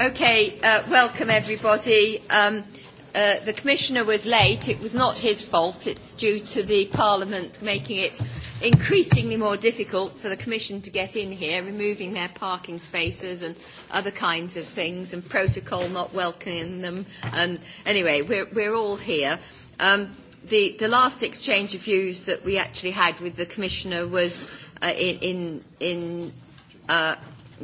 Okay, uh, welcome everybody. Um, uh, the Commissioner was late. It was not his fault. It's due to the Parliament making it increasingly more difficult for the Commission to get in here, removing their parking spaces and other kinds of things, and protocol not welcoming them. And anyway, we're, we're all here. Um, the, the last exchange of views that we actually had with the Commissioner was uh, in, in, in uh,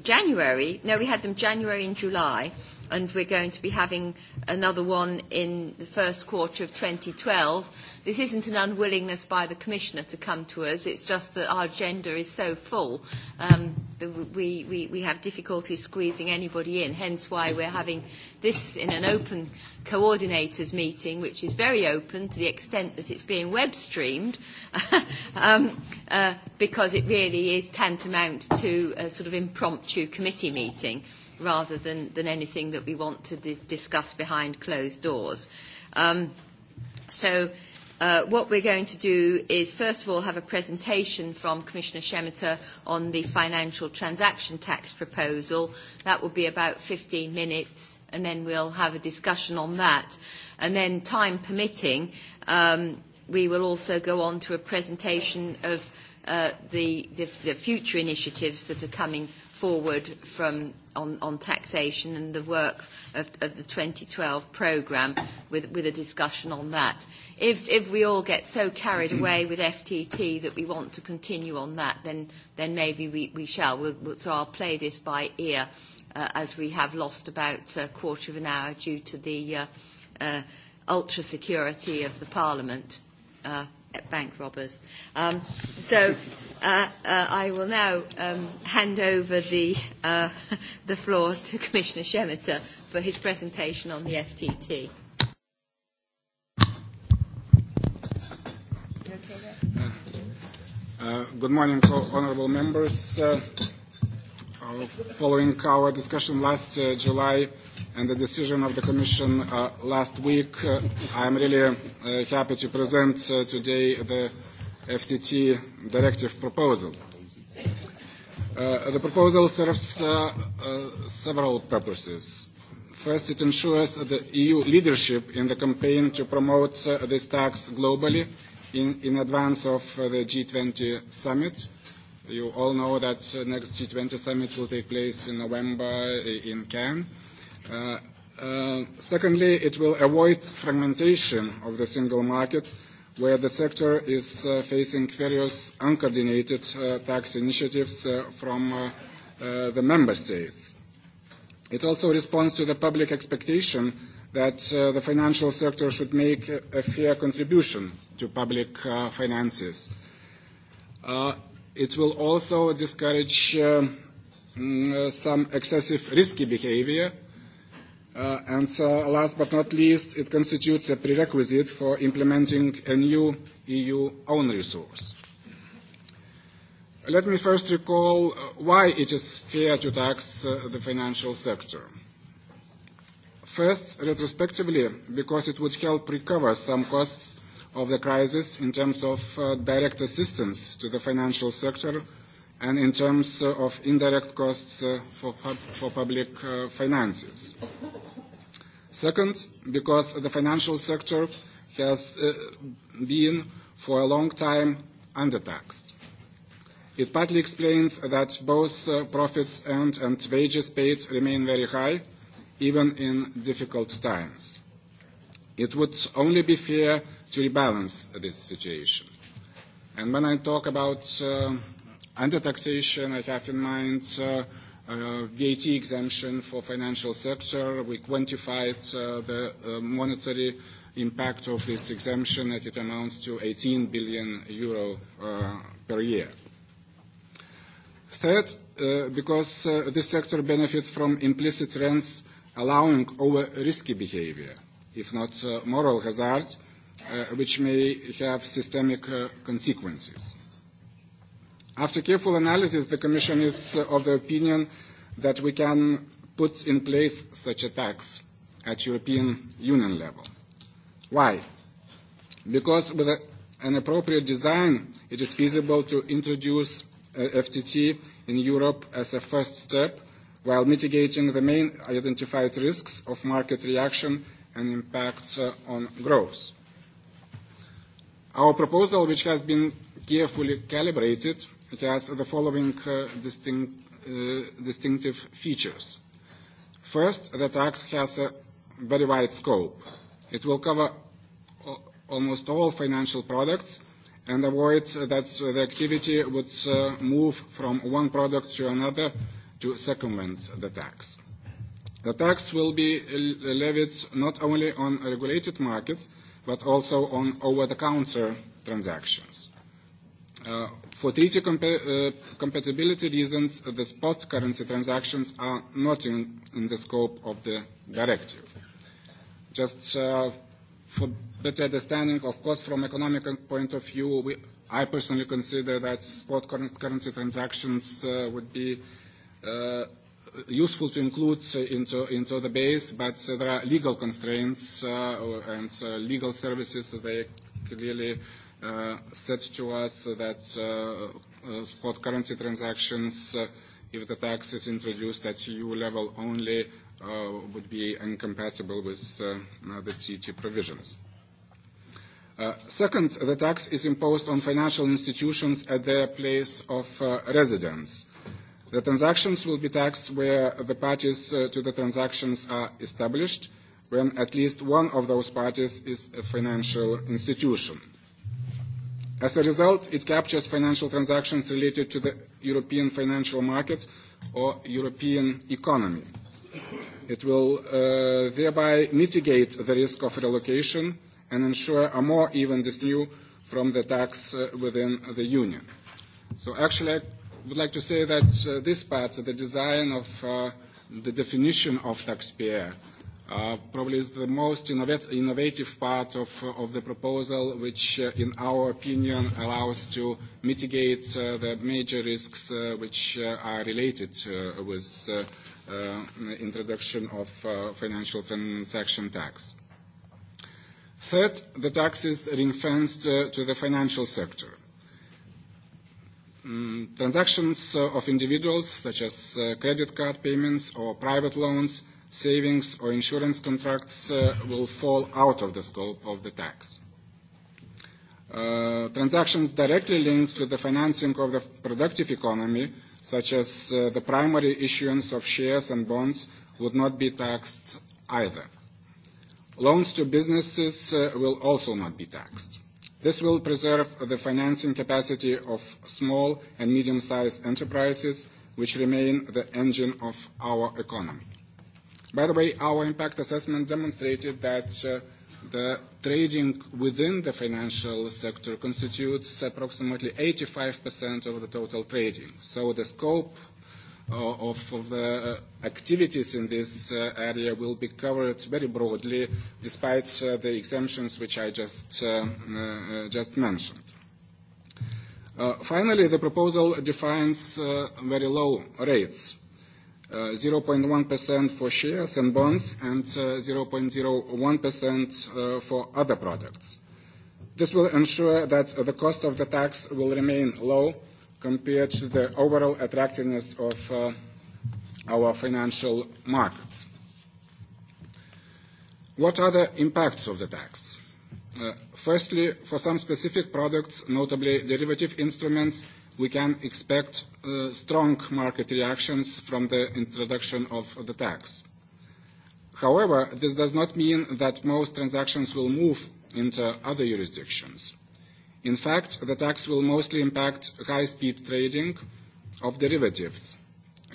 January. No, we had them January and July, and we're going to be having another one in the first quarter of 2012. This isn't an unwillingness by the Commissioner to come to us, it's just that our agenda is so full um, that we, we, we have difficulty squeezing anybody in, hence why we're having this in an open coordinators meeting, which is very open to the extent that it's being web streamed, um, uh, because it really is tantamount to a sort of impromptu committee meeting rather than, than anything that we want to di- discuss behind closed doors. Um, so Uh, what we're going to do is, first of all, have a presentation from Commissioner Shemeter on the financial transaction tax proposal. That will be about 15 minutes, and then we'll have a discussion on that. And then, time permitting, um, we will also go on to a presentation of uh, the, the, the future initiatives that are coming forward from on, on taxation and the work of, of the 2012 programme with, with a discussion on that. If, if we all get so carried mm-hmm. away with FTT that we want to continue on that, then, then maybe we, we shall. We'll, we'll, so I'll play this by ear uh, as we have lost about a quarter of an hour due to the uh, uh, ultra security of the Parliament. Uh, bank robbers. Um, so uh, uh, I will now um, hand over the, uh, the floor to Commissioner Schemeter for his presentation on the FTT. Uh, good morning, honorable members. Uh, following our discussion last uh, July, and the decision of the Commission uh, last week, uh, I am really uh, happy to present uh, today the FTT directive proposal. Uh, the proposal serves uh, uh, several purposes. First, it ensures the EU leadership in the campaign to promote uh, this tax globally in, in advance of uh, the G20 summit. You all know that uh, next G20 summit will take place in November uh, in Cannes Uh, uh, secondly, it will avoid fragmentation of the single market where the sector is uh, facing various uncoordinated uh, tax initiatives uh, from uh, uh, the member states. It also responds to the public expectation that uh, the financial sector should make a, a fair contribution to public uh, finances. Uh, it will also discourage um, mm, uh, some excessive risky behavior Uh, and so uh, last but not least, it constitutes a prerequisite for implementing a new EU own resource. Let me first recall uh, why it is fair to tax uh, the financial sector. First, retrospectively, because it would help recover some costs of the crisis in terms of uh, direct assistance to the financial sector and in terms of indirect costs uh, for, for public uh, finances. Second, because the financial sector has uh, been for a long time undertaxed. It partly explains that both profits and, and wages paid remain very high, even in difficult times. It would only be fair to rebalance this situation. And when I talk about uh, Under taxation I have in mind uh, uh, VAT exemption for financial sector. We quantified uh, the uh, monetary impact of this exemption that it amounts to 18 billion euro uh, per year. Third, uh, because uh, this sector benefits from implicit rents allowing over risky behavior, if not uh, moral hazard, uh, which may have systemic uh, consequences. After careful analysis, the Commission is of the opinion that we can put in place such a tax at European Union level. Why? Because with a, an appropriate design, it is feasible to introduce FTT in Europe as a first step while mitigating the main identified risks of market reaction and impacts uh, on growth. Our proposal, which has been carefully calibrated, It has the following uh, distinct, uh, distinctive features. First, the tax has a very wide scope. It will cover almost all financial products and avoids that the activity would uh, move from one product to another to circumvent the tax. The tax will be levied not only on regulated markets, but also on over-the-counter transactions. Uh, for treaty compa uh, compatibility reasons, the spot currency transactions are not in, in the scope of the directive. Just uh, for better understanding, of course, from economic point of view, we, I personally consider that spot currency transactions uh, would be uh, useful to include uh, into, into the base, but uh, there are legal constraints uh, and uh, legal services, so they clearly uh, Uh, said to us that uh, uh, spot currency transactions, uh, if the tax is introduced at EU level only, uh, would be incompatible with uh, the TT provisions. Uh, second, the tax is imposed on financial institutions at their place of uh, residence. The transactions will be taxed where the parties uh, to the transactions are established, when at least one of those parties is a financial institution. As a result, it captures financial transactions related to the European financial market or European economy. It will uh, thereby mitigate the risk of relocation and ensure a more even distribution from the tax uh, within the union. So actually, I would like to say that uh, this part, the design of uh, the definition of taxpayer, Uh, probably is the most innovative part of, of the proposal, which, uh, in our opinion, allows to mitigate uh, the major risks uh, which uh, are related uh, with the introduction of financial transaction tax. Third, the tax is ring-fenced to the financial sector. Mm, transactions of individuals, such as credit card payments or private loans, savings or insurance contracts uh, will fall out of the scope of the tax. Uh, transactions directly linked to the financing of the productive economy, such as uh, the primary issuance of shares and bonds, would not be taxed either. Loans to businesses uh, will also not be taxed. This will preserve the financing capacity of small and medium-sized enterprises, which remain the engine of our economy. By the way, our impact assessment demonstrated that uh, the trading within the financial sector constitutes approximately 85% of the total trading. So the scope uh, of, of the uh, activities in this uh, area will be covered very broadly, despite the exemptions which I just, uh, uh, just mentioned. Uh, finally, the proposal defines very low rates 0.1% uh, for shares and bonds, and 0.01% uh, uh, for other products. This will ensure that the cost of the tax will remain low compared to the overall attractiveness of our financial markets. What are the impacts of the tax? Firstly, for some specific products, notably derivative instruments, we can expect uh, strong market reactions from the introduction of the tax. However, this does not mean that most transactions will move into other jurisdictions. In fact, the tax will mostly impact high-speed trading of derivatives,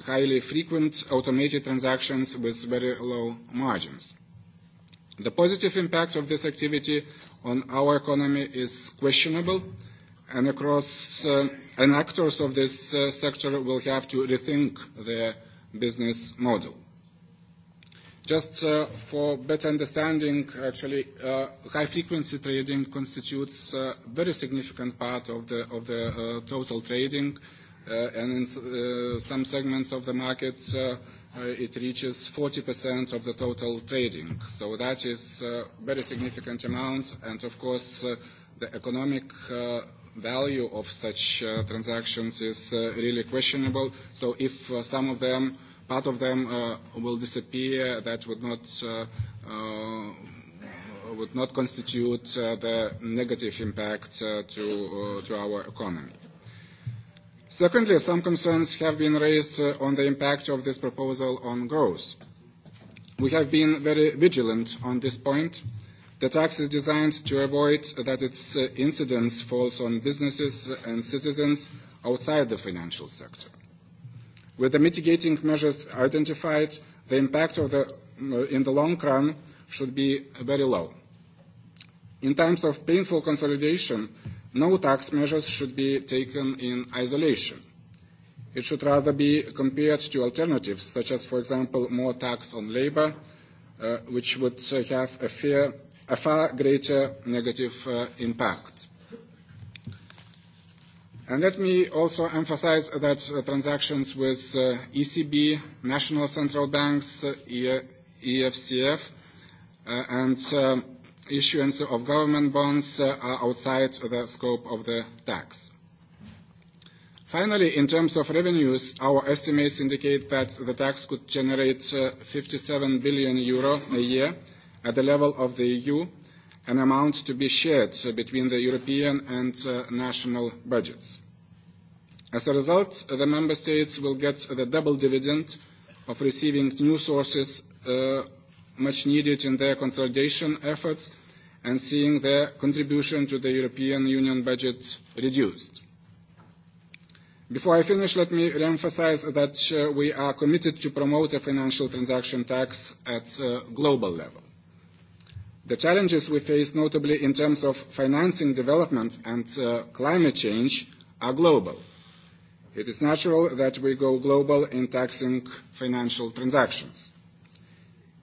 highly frequent automated transactions with very low margins. The positive impact of this activity on our economy is questionable, and across uh, and actors of this uh, sector will have to rethink their business model. Just uh, for better understanding, actually, uh, high-frequency trading constitutes a uh, very significant part of the, of the uh, total trading, uh, and in uh, some segments of the market, uh, uh, it reaches 40% of the total trading. So that is a uh, very significant amount, and of course, uh, the economic uh, value of such uh, transactions is uh, really questionable. So if uh, some of them, part of them uh, will disappear, that would not, uh, uh, would not constitute uh, the negative impact uh, to, uh, to our economy. Secondly, some concerns have been raised uh, on the impact of this proposal on growth. We have been very vigilant on this point. Uh, The tax is designed to avoid that its uh, incidence falls on businesses and citizens outside the financial sector. With the mitigating measures identified, the impact of the, uh, in the long run should be very low. In times of painful consolidation, no tax measures should be taken in isolation. It should rather be compared to alternatives, such as, for example, more tax on labor, uh, which would uh, have a fair a far greater negative uh, impact. And let me also emphasize that uh, transactions with uh, ECB, national central banks, uh, e EFCF, e uh, and uh, issuance of government bonds uh, are outside the scope of the tax. Finally, in terms of revenues, our estimates indicate that the tax could generate uh, 57 billion euro a year, at the level of the EU, an amount to be shared between the European and uh, national budgets. As a result, the member states will get the double dividend of receiving new sources uh, much needed in their consolidation efforts and seeing their contribution to the European Union budget reduced. Before I finish, let me emphasise that uh, we are committed to promote a financial transaction tax at uh, global level. The challenges we face, notably in terms of financing development and uh, climate change, are global. It is natural that we go global in taxing financial transactions.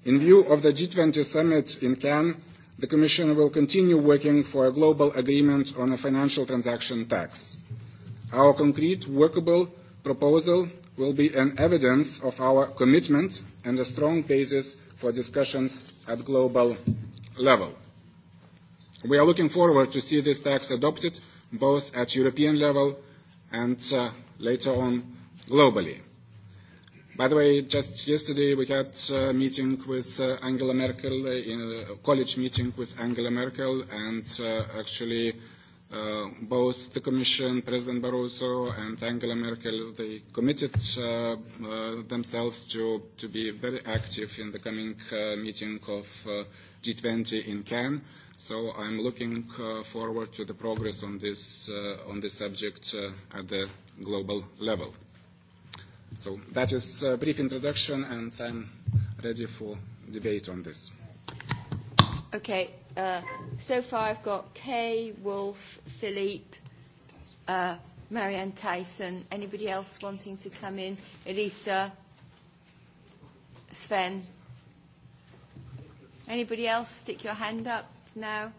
In view of the G20 summit in Cannes, the Commission will continue working for a global agreement on a financial transaction tax. Our concrete workable proposal will be an evidence of our commitment and a strong basis for discussions at global level. We are looking forward to see this tax adopted both at European level and uh, later on globally. By the way, just yesterday we had a meeting with uh, Angela Merkel, uh, in a college meeting with Angela Merkel, and uh, actually Uh, both the Commission, President Barroso, and Angela Merkel, they committed uh, uh, themselves to, to be very active in the coming uh, meeting of uh, G20 in Cannes. So I'm looking uh, forward to the progress on this, uh, on this subject uh, at the global level. So that is a brief introduction, and I'm ready for debate on this. Okay. Uh, so far I've got Kay, Wolf, Philippe, uh, Marianne Tyson. Anybody else wanting to come in? Elisa, Sven. Anybody else stick your hand up now?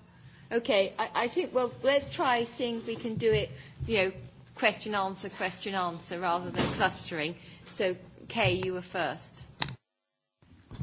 Okay, I, I think, well, let's try seeing if we can do it, you know, question answer, question answer rather than clustering. So, Kay, you were first.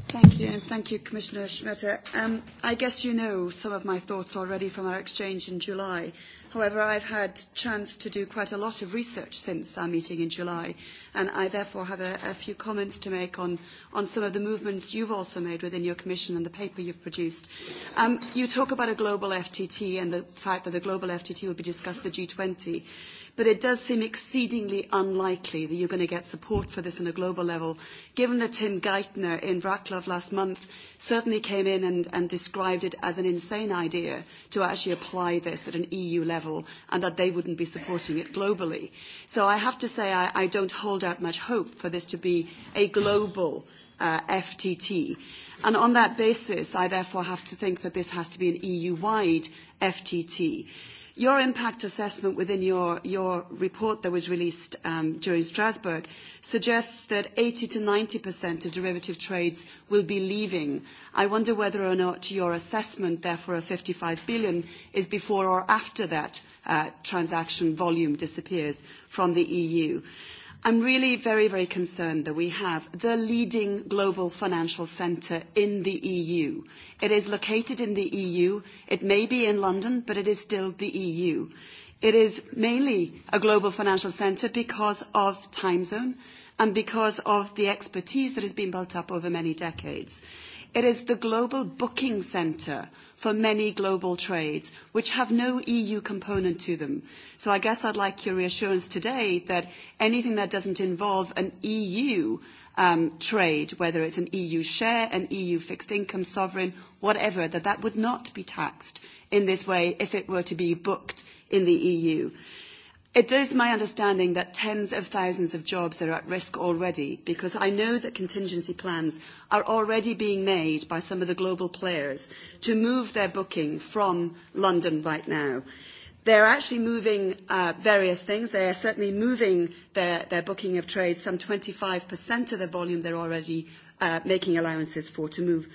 Thank you, and thank you, Commissioner Schmitter. Um, I guess you know some of my thoughts already from our exchange in July. However, I've had chance to do quite a lot of research since our meeting in July, and I therefore have a, a few comments to make on, on some of the movements you've also made within your commission and the paper you've produced. Um, you talk about a global FTT and the fact that the global FTT will be discussed at the G20 but it does seem exceedingly unlikely that you're going to get support for this on a global level, given that Tim Geithner in Bratislava last month certainly came in and, and described it as an insane idea to actually apply this at an EU level and that they wouldn't be supporting it globally. So I have to say I, I don't hold out much hope for this to be a global uh, FTT. And on that basis, I therefore have to think that this has to be an EU-wide FTT. Your impact assessment within your, your report that was released um, during Strasbourg suggests that 80 to 90% of derivative trades will be leaving. I wonder whether or not your assessment, therefore, of 55 billion is before or after that uh, transaction volume disappears from the EU. I'm really very, very concerned that we have the leading global financial centre in the EU. It is located in the EU. It may be in London, but it is still the EU. It is mainly a global financial centre because of time zone and because of the expertise that has been built up over many decades. It is the global booking center for many global trades, which have no EU component to them. So I guess I'd like your reassurance today that anything that doesn't involve an EU um, trade, whether it's an EU share, an EU fixed income sovereign, whatever, that that would not be taxed in this way if it were to be booked in the EU. It is my understanding that tens of thousands of jobs are at risk already because I know that contingency plans are already being made by some of the global players to move their booking from London right now. They're actually moving uh, various things. They are certainly moving their, their booking of trade, some 25% of the volume they're already uh, making allowances for to move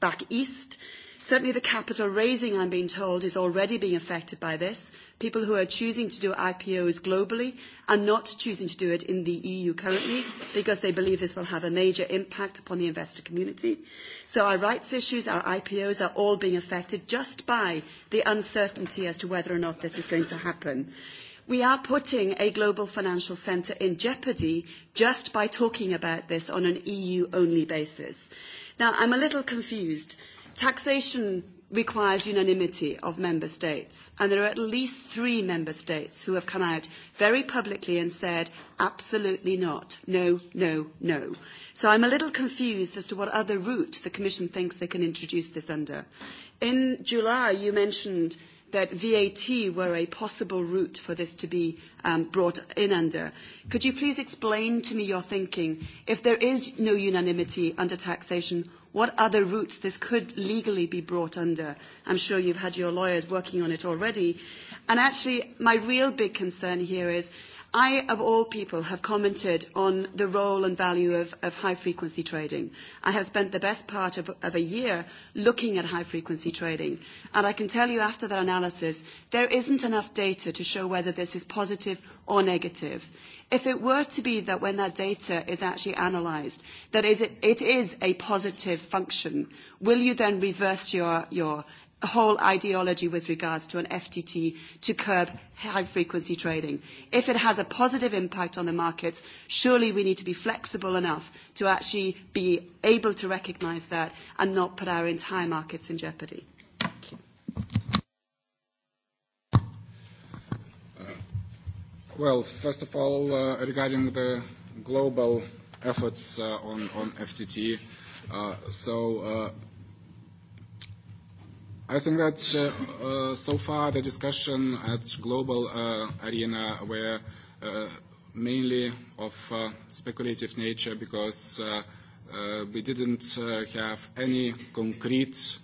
back east. Certainly the capital raising, I'm being told, is already being affected by this. People who are choosing to do IPOs globally are not choosing to do it in the EU currently because they believe this will have a major impact upon the investor community. So our rights issues, our IPOs are all being affected just by the uncertainty as to whether or not this is going to happen. We are putting a global financial centre in jeopardy just by talking about this on an EU-only basis. Now, I'm a little confused Taxation requires unanimity of member states, and there are at least three member states who have come out very publicly and said, absolutely not, no, no, no. So I'm a little confused as to what other route the Commission thinks they can introduce this under. In July, you mentioned that VAT were a possible route for this to be um, brought in under. Could you please explain to me your thinking? If there is no unanimity under taxation, what other routes this could legally be brought under. I'm sure you've had your lawyers working on it already. And actually, my real big concern here is I, of all people, have commented on the role and value of, of high-frequency trading. I have spent the best part of, of a year looking at high-frequency trading, and I can tell you after that analysis, there isn't enough data to show whether this is positive or negative if it were to be that when that data is actually analysed, that is it, it is a positive function, will you then reverse your, your whole ideology with regards to an FTT to curb high frequency trading. If it has a positive impact on the markets, surely we need to be flexible enough to actually be able to recognise that and not put our entire markets in jeopardy. Well, first of all, uh, regarding the global efforts uh, on, on FTT, uh, so uh, I think that uh, uh, so far the discussion at global uh, arena were uh, mainly of uh, speculative nature because uh, uh, we didn't uh, have any concrete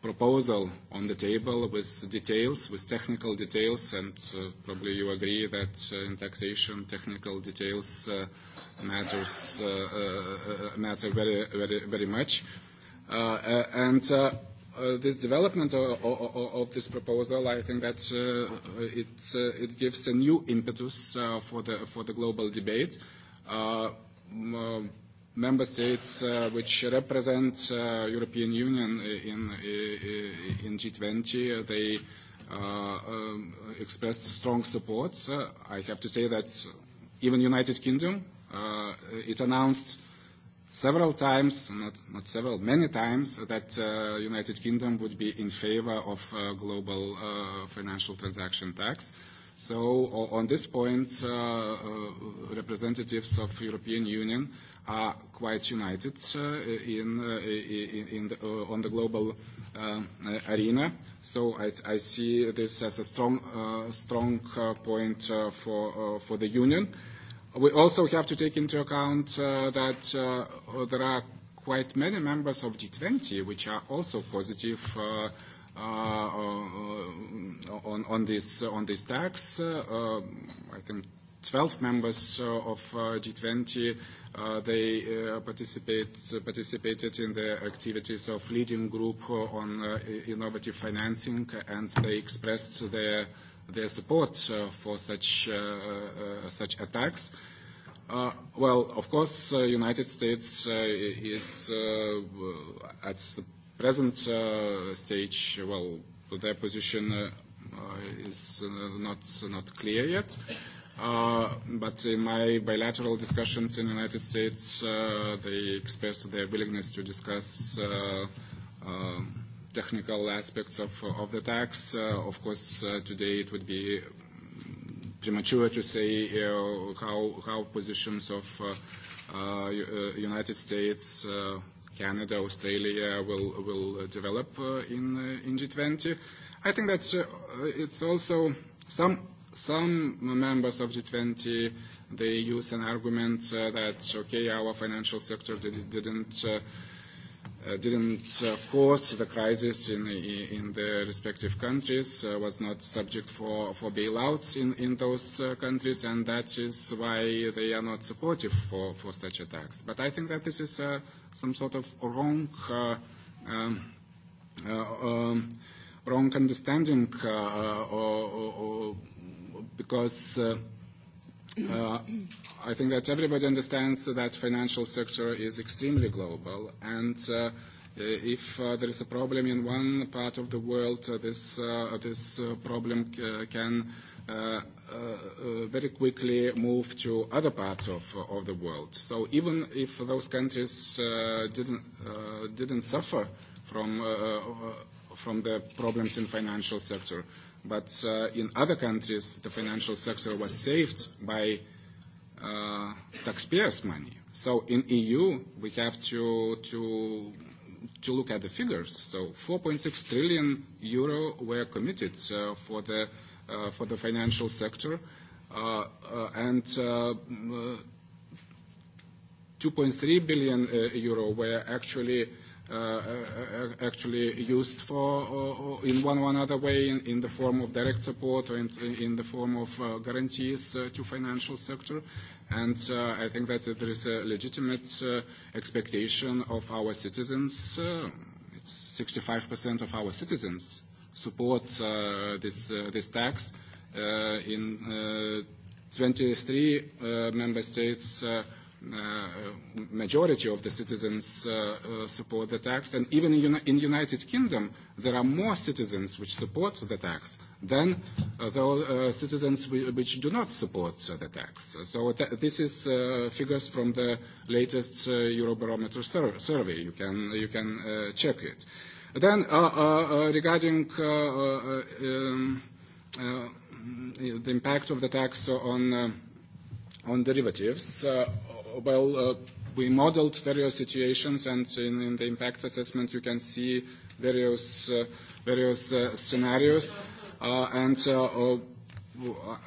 proposal on the table with details, with technical details, and uh, probably you agree that uh, in taxation technical details uh, matters uh, uh, uh matter very very very much. Uh, uh and uh, uh, this development of, of, of this proposal, I think that uh, it uh, it gives a new impetus uh, for the for the global debate. Uh, uh member states uh, which represent uh, European Union uh, in, uh, uh, in G20, they uh, um, expressed strong support. Uh, I have to say that even United Kingdom, uh, it announced several times, not, not several, many times, that uh, United Kingdom would be in favor of uh, global uh, financial transaction tax. So on this point, uh, uh, representatives of European Union uh, are quite united uh, in, uh, in, the, uh, on the global uh, arena. So I, I see this as a strong, uh, strong uh, point uh, for, uh, for the Union. We also have to take into account uh, that uh, there are quite many members of G20 which are also positive uh, uh, uh, on, on, this, on this tax. Uh, um, I think 12 members uh, of uh, G20 Uh, they uh, participate, participated in the activities of leading group uh, on uh, innovative financing, and they expressed their, their support for such, such attacks. Well, of course, United States is at the present stage, well, their position is not, not clear yet. Uh, but in my bilateral discussions in the United States, uh, they expressed their willingness to discuss uh, uh, technical aspects of, of the tax. Uh, of course, uh, today it would be um, premature to say uh, how, how positions of uh, uh, uh, United States, uh, Canada, Australia will, will develop uh, in, uh, in G20. I think that uh, it's also some Some members of G20, they use an argument uh, that, okay, our financial sector did, didn't uh, uh, didn't uh, cause the crisis in, in the respective countries, uh, was not subject for, for bailouts in, in those uh, countries, and that is why they are not supportive for, for such attacks. But I think that this is uh, some sort of wrong, uh, um, uh, um, wrong understanding uh, uh or, or, or because uh, uh, I think that everybody understands that financial sector is extremely global, and uh, uh, if uh, there is a problem in one part of the world, uh, this uh, this uh, problem c- uh, can uh, uh, uh, very quickly move to other parts of of the world. So even if those countries uh, didn't uh, didn't suffer from uh, from the problems in financial sector But uh, in other countries, the financial sector was saved by uh, taxpayers' money. So in EU, we have to, to, to look at the figures. So 4.6 trillion euro were committed uh, for, the, uh, for the financial sector. Uh, uh, and uh, 2.3 uh, billion uh, euro were actually uh, Uh, uh, actually used for uh, in one or another way in, in the form of direct support or in, in the form of uh, guarantees uh, to financial sector. And uh, I think that there is a legitimate uh, expectation of our citizens. Uh, it's 65% of our citizens support uh, this, uh, this tax. Uh, in uh, 23 uh, member states, uh, Uh, majority of the citizens uh, uh, support the tax. And even in, in United Kingdom, there are more citizens which support the tax than the citizens which do not support the tax. So th this is figures from the latest Eurobarometer sur survey. You can, you can check it. Then regarding um, Uh, the impact of the tax on uh, on derivatives. Uh, well, uh, we modeled various situations, and in, in the impact assessment, you can see various, uh, various uh, scenarios. Uh, and uh, uh,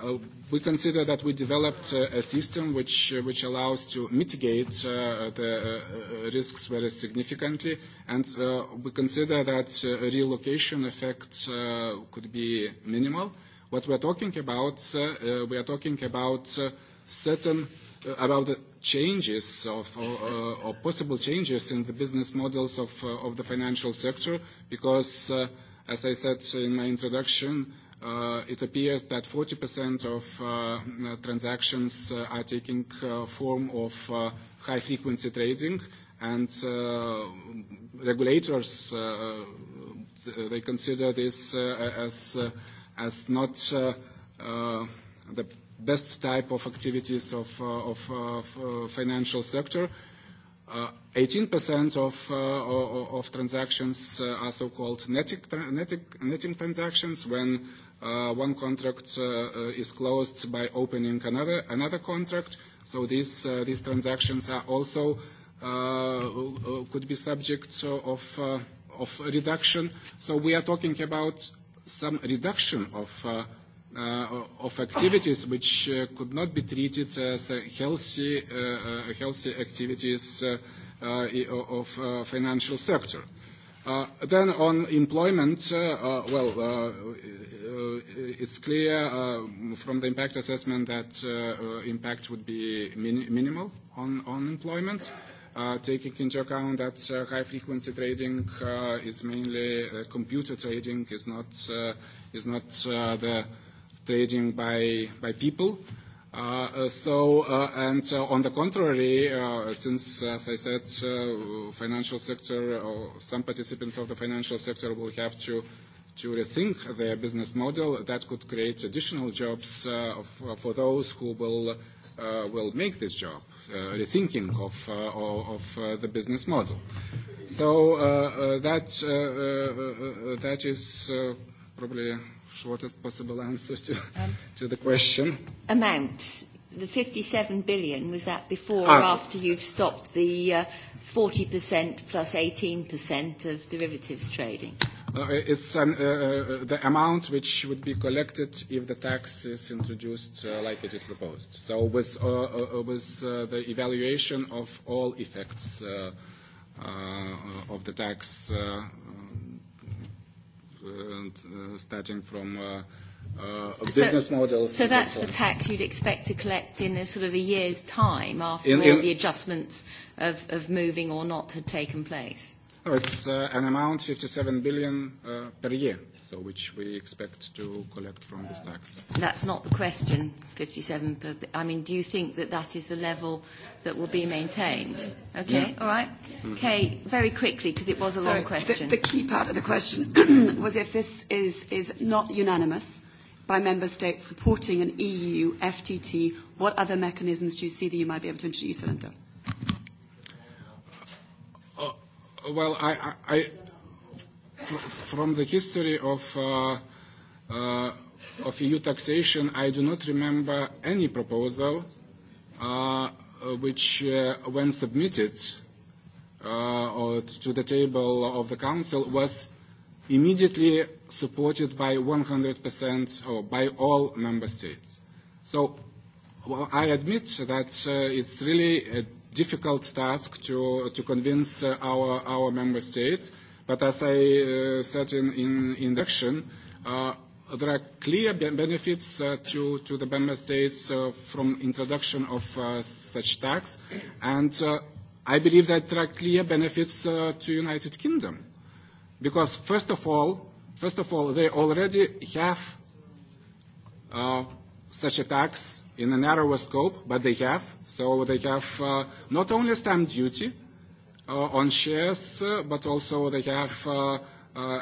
uh we consider that we developed uh, a system which, uh, which allows to mitigate uh, the uh, uh risks very significantly. And uh, we consider that uh, relocation effect uh, could be minimal. What we are talking about, uh, uh, we are talking about uh, certain, uh, about the changes of, or, uh, uh, or possible changes in the business models of, uh, of the financial sector because, uh, as I said in my introduction, uh, it appears that 40% of uh, transactions uh, are taking uh, form of uh, high-frequency trading, and uh, regulators uh, they consider this uh, as uh, as not uh, uh, the best type of activities of, uh, of uh, uh financial sector. Uh, 18% of, uh, of transactions uh, are so-called netting, tra netting, netting transactions when uh, one contract uh, uh, is closed by opening another, another contract. So these, uh, these transactions are also uh, uh could be subject of, uh, of reduction. So we are talking about some reduction of uh, uh, of activities which uh, could not be treated as uh, healthy, uh, uh, healthy activities uh, uh, of uh, financial sector. Uh, then on employment, uh, uh, well, uh, uh it's clear uh, from the impact assessment that uh, uh, impact would be min- minimal on, on employment. Uh, taking into account that uh, high-frequency trading uh, is mainly uh, computer trading, is not uh, is not uh, the trading by, by people. Uh, uh, so, uh, and uh, on the contrary, uh, since, as I said, uh, financial sector, or uh, some participants of the financial sector will have to to rethink their business model, that could create additional jobs uh, for those who will uh, will make this job, uh, rethinking of uh, of uh, the business model. So uh, uh, that uh, uh, uh that is uh, probably shortest possible answer to, um, to the question. Amount. The 57 billion, was that before ah. or after you've stopped the uh, 40% plus 18% of derivatives trading? Uh, it's an, uh, uh, uh, the amount which would be collected if the tax is introduced uh, like it is proposed. So with, uh, uh, uh with uh, the evaluation of all effects uh, uh, of the tax uh, uh, starting from uh, uh, a business so, model. So that's the tax you'd expect to collect in a sort of a year's time after in, in, all the adjustments of, of moving or not had taken place? Oh, it's uh, an amount 57 billion uh, per year so which we expect to collect from this tax. That's not the question, 57 per... I mean, do you think that that is the level that will be maintained? Okay, yeah. all right. Mm. Okay, very quickly, because it was a Sorry, long question. The, the key part of the question was if this is, is not unanimous by member states supporting an EU FTT, what other mechanisms do you see that you might be able to introduce, Linda? Uh, well, I... I, I from the history of, uh, uh, of EU taxation, I do not remember any proposal uh, which, uh, when submitted uh, or to the table of the Council, was immediately supported by 100% or by all member states. So well, I admit that uh, it's really a difficult task to, to convince uh, our, our member states But as I uh, said in, in introduction, uh, there are clear benefits uh, to, to the member states uh, from introduction of uh, such tax, and uh, I believe that there are clear benefits uh, to United Kingdom, because first of all, first of all, they already have uh, such a tax in a narrower scope, but they have. So they have uh, not only stamp duty, Uh, on shares, uh, but also they have uh,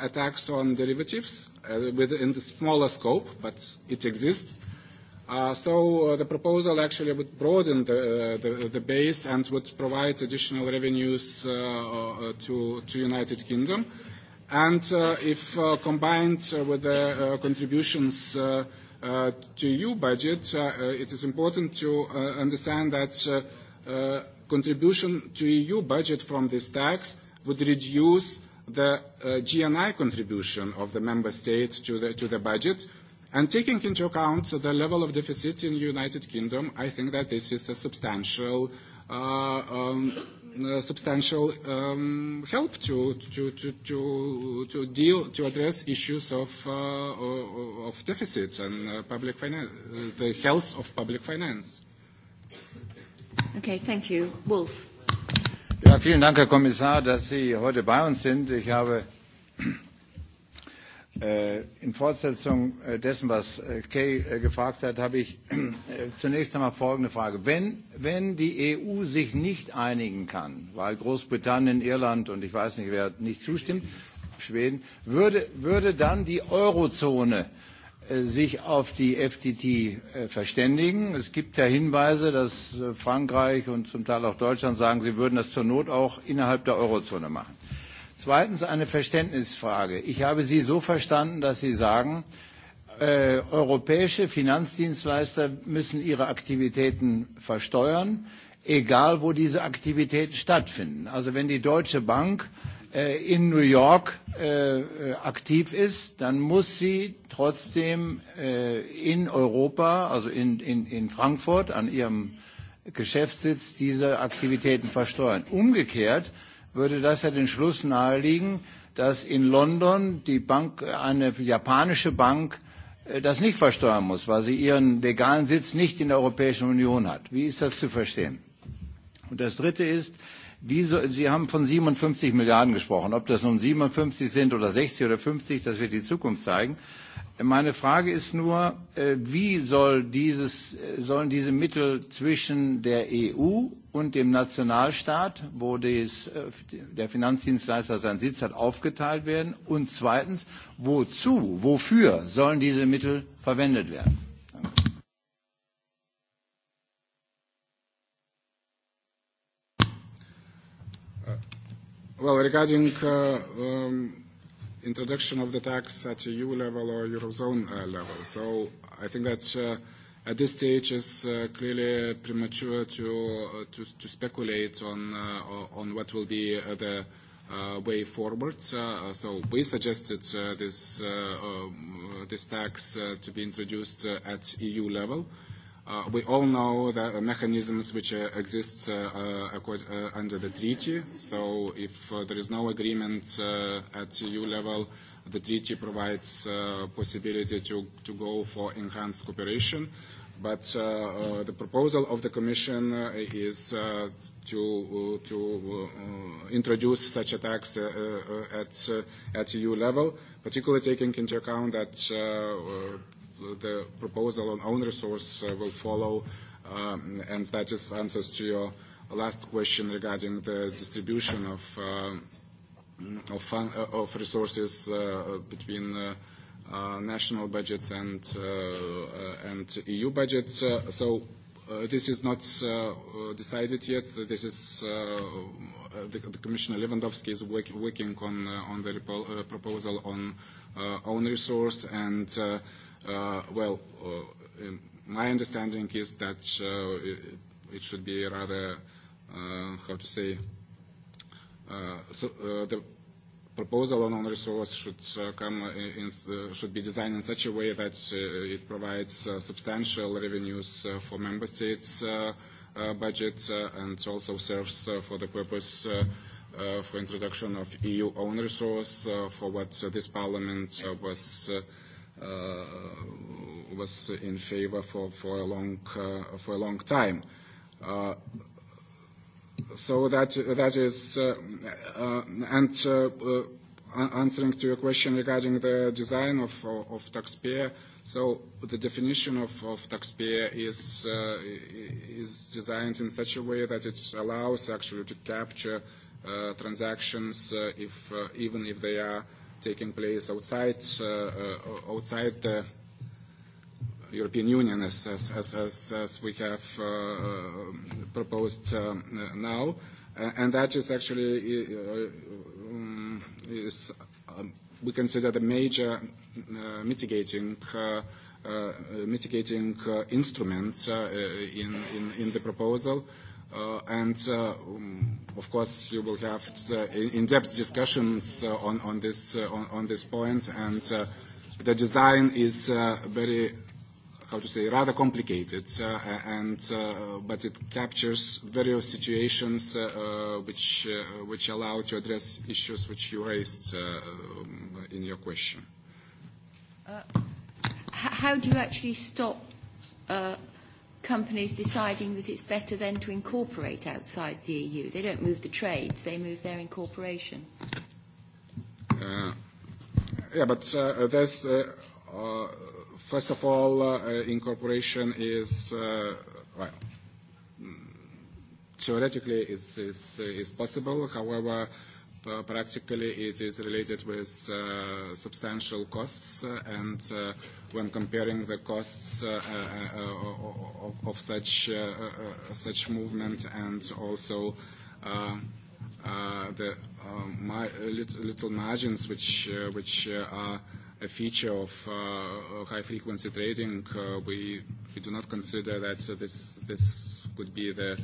a tax on derivatives within the smaller scope, but it exists. Uh, so uh, the proposal actually would broaden the, uh, the, the base and would provide additional revenues uh, to, to United Kingdom. And uh, if uh, combined with the uh, contributions uh, uh, to EU budget, uh, it is important to uh, understand that uh, uh, contribution to EU budget from this tax would reduce the uh, GNI contribution of the member states to the, to the budget. And taking into account the level of deficit in the United Kingdom, I think that this is a substantial, uh, um, a substantial um, help to, to, to, to, to deal, to address issues of, uh, of deficits and uh, public finance, the health of public finance. Okay, thank you. Wolf. Ja, vielen Dank, Herr Kommissar, dass Sie heute bei uns sind. Ich habe äh, in Fortsetzung äh, dessen, was äh, Kay äh, gefragt hat, habe ich äh, zunächst einmal folgende Frage. Wenn, wenn die EU sich nicht einigen kann, weil Großbritannien, Irland und ich weiß nicht, wer nicht zustimmt, Schweden, würde, würde dann die Eurozone äh, Äh, sich auf die FTT äh, verständigen. Es gibt ja Hinweise, dass äh, Frankreich und zum Teil auch Deutschland sagen, sie würden das zur Not auch innerhalb der Eurozone machen. Zweitens eine Verständnisfrage. Ich habe Sie so verstanden, dass Sie sagen, äh, europäische Finanzdienstleister müssen ihre Aktivitäten versteuern, egal wo diese Aktivitäten stattfinden. Also wenn die Deutsche Bank Äh, in New York äh, äh, aktiv ist, dann muss sie trotzdem äh, in Europa, also in, in, in Frankfurt an ihrem Geschäftssitz diese Aktivitäten versteuern. Umgekehrt würde das ja den Schluss naheliegen, dass in London die Bank, eine japanische Bank äh, das nicht versteuern muss, weil sie ihren legalen Sitz nicht in der Europäischen Union hat. Wie ist das zu verstehen? Und das Dritte ist, äh, Wie so, Sie haben von 57 Milliarden gesprochen. Ob das nun 57 sind oder 60 oder 50, das wird die Zukunft zeigen. Meine Frage ist nur, äh, wie soll dieses, äh, sollen diese Mittel zwischen der EU und dem Nationalstaat, wo dies, äh, der Finanzdienstleister seinen Sitz hat, aufgeteilt werden? Und zweitens, wozu, wofür sollen diese Mittel verwendet werden? Well, regarding uh, um, introduction of the tax at EU level or Eurozone uh, level, so I think that uh, at this stage it's uh, clearly premature to, uh, to, to speculate on, uh, on what will be uh, the uh, way forward. Uh, so we suggested uh, this, uh, um, uh, this tax uh, to be introduced uh, at EU level. Uh, Uh, we all know the uh, mechanisms which uh, exist uh, uh, uh, under the treaty. So if uh, there is no agreement uh, at EU level, the treaty provides uh, possibility to, to go for enhanced cooperation. But uh, uh, the proposal of the Commission uh, is uh, to, uh, to uh, introduce such a tax uh, uh, at, uh, at EU level, particularly taking into account that uh, uh, the proposal on own resource uh, will follow, um, and that is answers to your last question regarding the distribution of uh, of, fun, uh, of resources uh, between uh, uh, national budgets and uh, uh and EU budgets. Uh, so. Uh, this is not uh, decided yet. This is uh, the, the Commissioner Lewandowski is work, working on uh, on the repo, uh, proposal on uh, own resource and. Uh, Uh, well, uh, in my understanding is that uh, it, it should be rather, uh, how to say, uh, so, uh, the proposal on own resource should uh, come in, uh, should be designed in such a way that uh, it provides uh, substantial revenues uh, for member states' uh, uh, budget uh, and also serves uh, for the purpose. Uh, uh, for introduction of EU own resource, uh, for what uh, this parliament uh, was uh, uh, was in favor for, for, a, long, uh, for a long time. Uh, so that, that is, uh, uh, and uh, uh, answering to your question regarding the design of, of, of taxpayer, so the definition of, of taxpayer is, uh, is designed in such a way that it allows actually to capture uh, transactions uh, if, uh, even if they are taking place outside uh, uh, outside the European Union as, as, as, as, as we have uh, proposed um, now. And that is actually, uh, is, um, we consider the major uh, mitigating, uh, uh, mitigating uh, instrument uh, in, in, in the proposal. Uh, Uh, and uh, um, of course, you will have in-depth discussions uh, on, on, this, uh, on, on this point. And uh, the design is very, how to say, rather complicated, and but it captures various situations which, which allow to address issues which you raised um, in your question. How do you actually stop companies deciding that it's better then to incorporate outside the EU. They don't move the trades, they move their incorporation. Uh, yeah, but uh, there's, uh, uh, first of all, uh, uh incorporation is, uh, well, mm, theoretically it's, it's, uh, it's possible. However, Uh, practically, it is related with uh, substantial costs, uh, and uh, when comparing the costs uh, uh, uh, uh of, of such uh, uh, uh, such movement and also uh, uh, the uh, um, my, little, little margins which uh, which uh, are a feature of uh, high-frequency trading, uh, we, we do not consider that uh, this this could be the uh,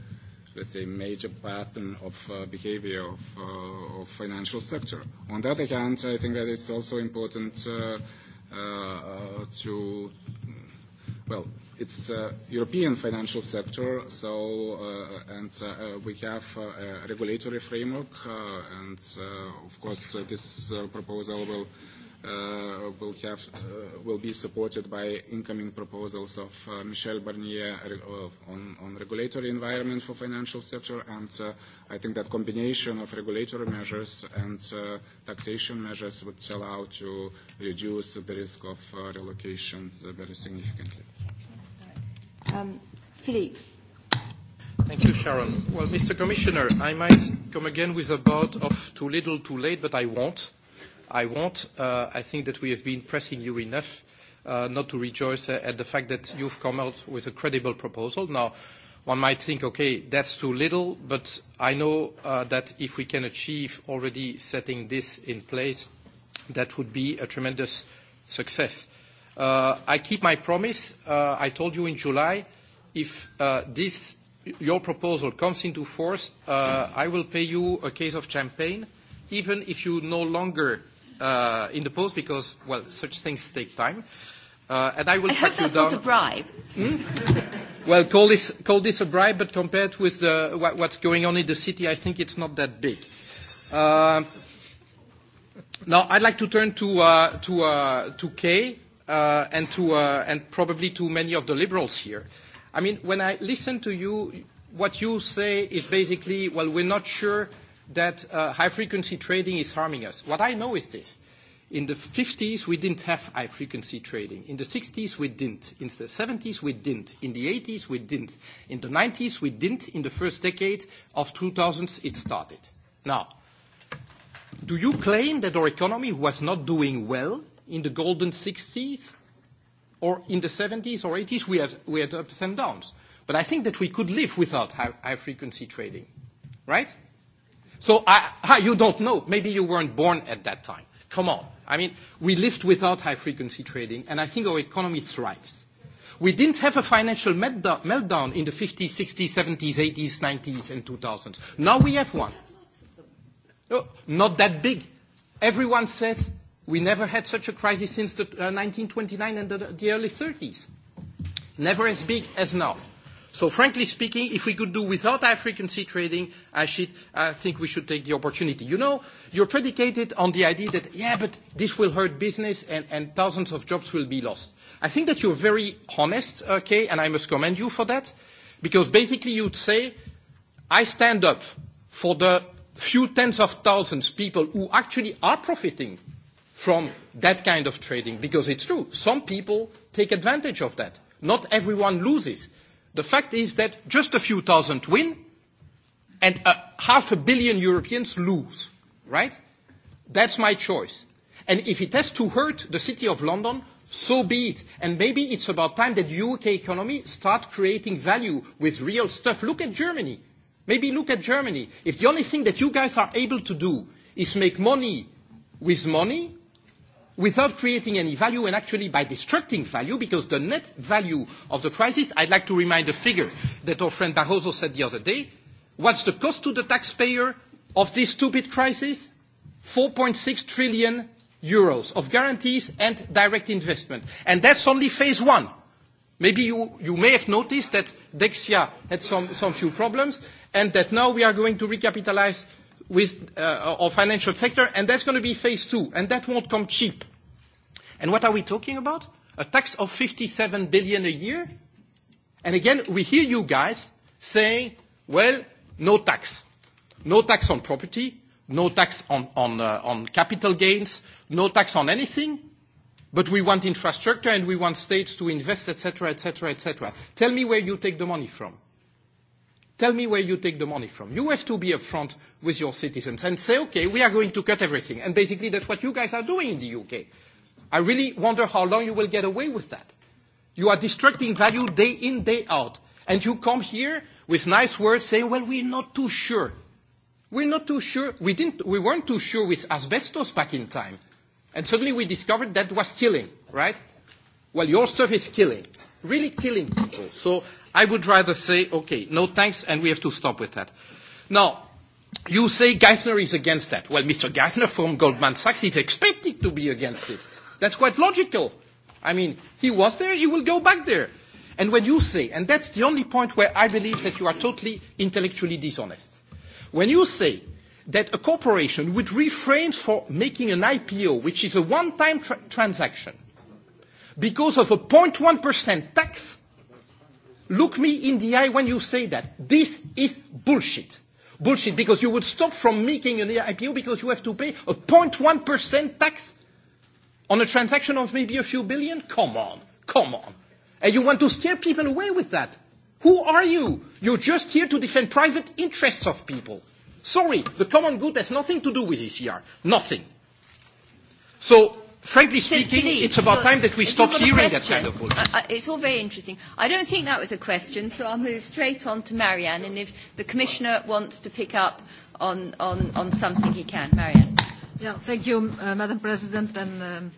let's say, major pattern of uh, behavior of, uh, of financial sector. On the other hand, I think that it's also important uh, uh, uh to, well, it's a European financial sector, so uh, and uh, uh we have uh, a regulatory framework, uh, and uh, of course uh, this uh, proposal will uh, will have uh, will be supported by incoming proposals of uh, Michel Barnier uh, on, on regulatory environment for financial sector, and uh, I think that combination of regulatory measures and uh, taxation measures would allow to reduce the risk of uh, relocation very significantly. Um, Philippe. Thank you, Sharon. Well, Mr. Commissioner, I might come again with a bout of too little, too late, but I won't. I won't. Uh, I think that we have been pressing you enough uh, not to rejoice at the fact that you've come out with a credible proposal. Now, one might think, okay, that's too little, but I know uh, that if we can achieve already setting this in place, that would be a tremendous success. Uh, I keep my promise. Uh, I told you in July, if uh, this, your proposal comes into force, I will pay you a case of champagne, even if you no longer in the post, because, well, such things take time. And I will track you down. I hope that's not a bribe. Hmm? well, call this, call this a bribe, but compared with the, what, what's going on in the city, I think it's not that big. Now, I'd like to turn to, to, to Kay, uh, and, to, uh, and probably to many of the liberals here. I mean, when I listen to you, what you say is basically, well, we're not sure that uh, high-frequency trading is harming us. What I know is this. In the 50s, we didn't have high-frequency trading. In the 60s, we didn't. In the 70s, we didn't. In the 80s, we didn't. In the 90s, we didn't. In the first decade of 2000s, it started. Now, do you claim that our economy was not doing well in the golden 60s or in the 70s or 80s, we, have, we had ups and downs. But I think that we could live without high, high frequency trading, right? So I, I, you don't know. Maybe you weren't born at that time. Come on. I mean, we lived without high frequency trading, and I think our economy thrives. We didn't have a financial meltdown in the 50s, 60s, 70s, 80s, 90s, and 2000s. Now we have one. No, not that big. Everyone says We never had such a crisis since the, uh, 1929 and the, the early 30s. Never as big as now. So frankly speaking, if we could do without high frequency trading, I, should, I think we should take the opportunity. You know, you're predicated on the idea that, yeah, but this will hurt business and, and thousands of jobs will be lost. I think that you're very honest, okay, uh, and I must commend you for that, because basically you'd say, I stand up for the few tens of thousands people who actually are profiting from that kind of trading because it's true. Some people take advantage of that. Not everyone loses. The fact is that just a few thousand win and a half a billion Europeans lose, right? That's my choice. And if it has to hurt the city of London, so be it. And maybe it's about time that the UK economy start creating value with real stuff. Look at Germany. Maybe look at Germany. If the only thing that you guys are able to do is make money with money, without creating any value and actually by destructing value because the net value of the crisis, I'd like to remind the figure that our friend Barroso said the other day, what's the cost to the taxpayer of this stupid crisis? 4.6 trillion euros of guarantees and direct investment. And that's only phase one. Maybe you, you may have noticed that Dexia had some, some few problems and that now we are going to recapitalize with uh, our financial sector, and that's going to be phase two, and that won't come cheap. And what are we talking about? A tax of 57 billion a year? And again, we hear you guys saying, well, no tax. No tax on property, no tax on, on, uh, on capital gains, no tax on anything, but we want infrastructure and we want states to invest, etc., etc., etc. Tell me where you take the money from. Tell me where you take the money from. You have to be upfront with your citizens and say, okay, we are going to cut everything. And basically that's what you guys are doing in the UK. I really wonder how long you will get away with that. You are destructing value day in, day out. And you come here with nice words saying, well, we're not too sure. We're not too sure. We, didn't, we weren't too sure with asbestos back in time. And suddenly we discovered that was killing, right? Well, your stuff is killing, really killing people. So I would rather say, okay, no thanks, and we have to stop with that. Now, you say Geithner is against that. Well, Mr. Geithner from Goldman Sachs is expected to be against it. That's quite logical. I mean, he was there, he will go back there. And when you say, and that's the only point where I believe that you are totally intellectually dishonest, when you say that a corporation would refrain from making an IPO, which is a one-time tra transaction, because of a 0.1% tax look me in the eye when you say that. This is bullshit. Bullshit, because you would stop from making an IPO because you have to pay a 0.1% tax on a transaction of maybe a few billion? Come on, come on. And you want to scare people away with that? Who are you? You're just here to defend private interests of people. Sorry, the common good has nothing to do with ECR. Nothing. So Frankly speaking, Please, it's about time that we stop hearing that kind of bullshit. Uh, it's all very interesting. I don't think that was a question, so I'll move straight on to Marianne. And if the Commissioner wants to pick up on, on, on something, he can. Marianne. Yeah, thank you, uh, Madam President. And um,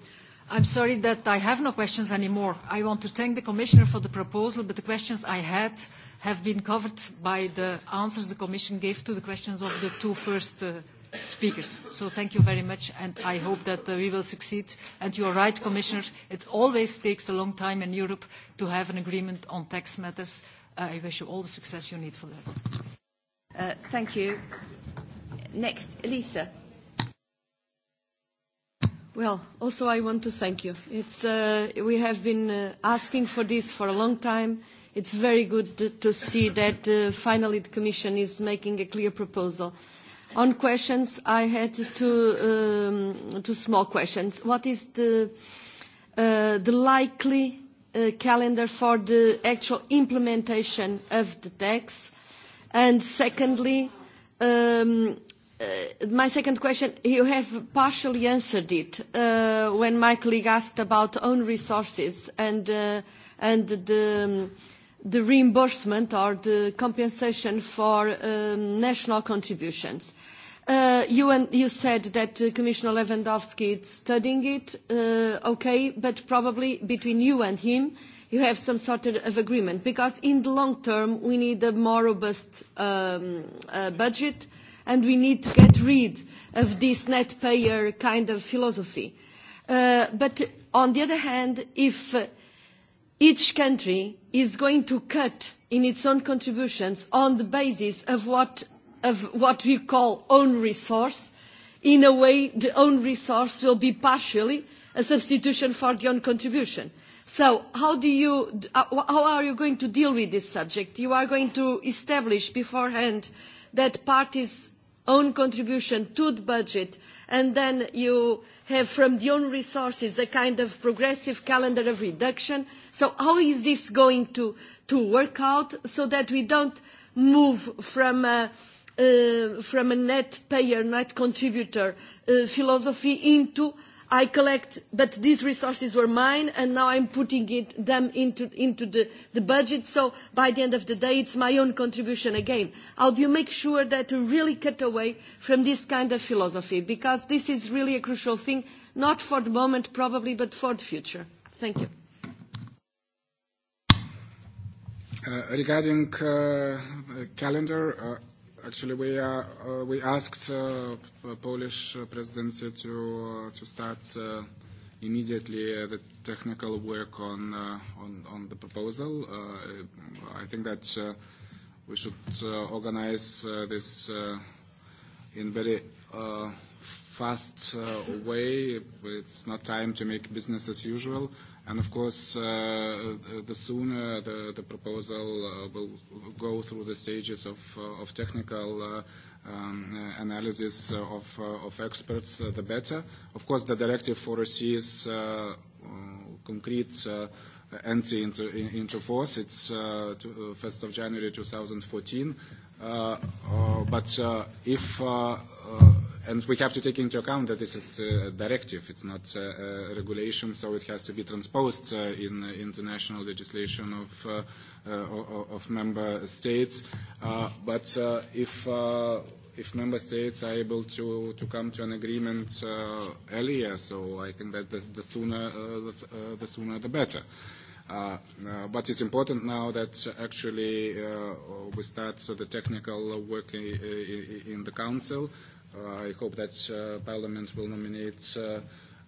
I'm sorry that I have no questions anymore. I want to thank the Commissioner for the proposal, but the questions I had have been covered by the answers the Commission gave to the questions of the two first uh, speakers. So thank you very much, and I hope that uh, we will succeed. And you are right, Commissioner, it always takes a long time in Europe to have an agreement on tax matters. Uh, I wish you all the success you need for that. Uh, thank you. Next, Elisa. Well, also I want to thank you. It's, uh, we have been uh, asking for this for a long time. It's very good to, to see that uh, finally the Commission is making a clear proposal. Uh, on questions, I had um, two, small questions. What is the, uh, likely uh, calendar for the actual implementation of the tax? And secondly, um, uh, my second question, you have partially answered it when my colleague asked about own resources and, um, the reimbursement or the compensation for national contributions. Uh, you, and you said that uh, Commissioner Lewandowski is studying it, uh, okay, but probably between you and him, you have some sort of agreement, because in the long term, we need a more robust um, uh, budget, and we need to get rid of this net payer kind of philosophy. Uh, but on the other hand, if each country is going to cut in its own contributions on the basis of what of what we call own resource, in a way the own resource will be partially a substitution for the own contribution. So how, do you, uh, how are you going to deal with this subject? You are going to establish beforehand that parties' own contribution to the budget, and then you have from the own resources a kind of progressive calendar of reduction. So how is this going to, to work out so that we don't move from uh, Uh, from a net payer, net contributor uh, philosophy into I collect, but these resources were mine, and now I'm putting it, them into, into the, the, budget. So by the end of the day, it's my own contribution again. How do you make sure that you really cut away from this kind of philosophy? Because this is really a crucial thing, not for the moment probably, but for the future. Thank you. Uh, regarding uh, calendar, uh Actually, we, uh, uh, we asked uh, Polish uh, presidency to, uh, to start uh, immediately uh, the technical work on, uh, on, on the proposal. Uh, I think that uh, we should uh, organize uh, this uh, in very uh, fast uh, way. It's not time to make business as usual. Uh, And of course, uh, uh, the sooner the, the proposal uh, will go through the stages of, uh, of technical uh, um, uh, analysis uh, of, uh, of experts, uh, the better. Of course, the directive foresees uh, concrete uh, entry into, in, into force. It's uh, to, uh, 1st of January 2014. Uh, uh, but uh, if uh, uh, and we have to take into account that this is a directive, it's not a, regulation, so it has to be transposed uh, in uh, international legislation of, uh, uh, of member states. Uh, but uh, if uh, if member states are able to, to come to an agreement uh, earlier, so I think that the, the sooner uh, the, uh, the sooner the better. Uh, uh, but it's important now that actually uh, we start so the technical work uh, in, in the council. Uh, I hope that uh, Parliament will nominate uh,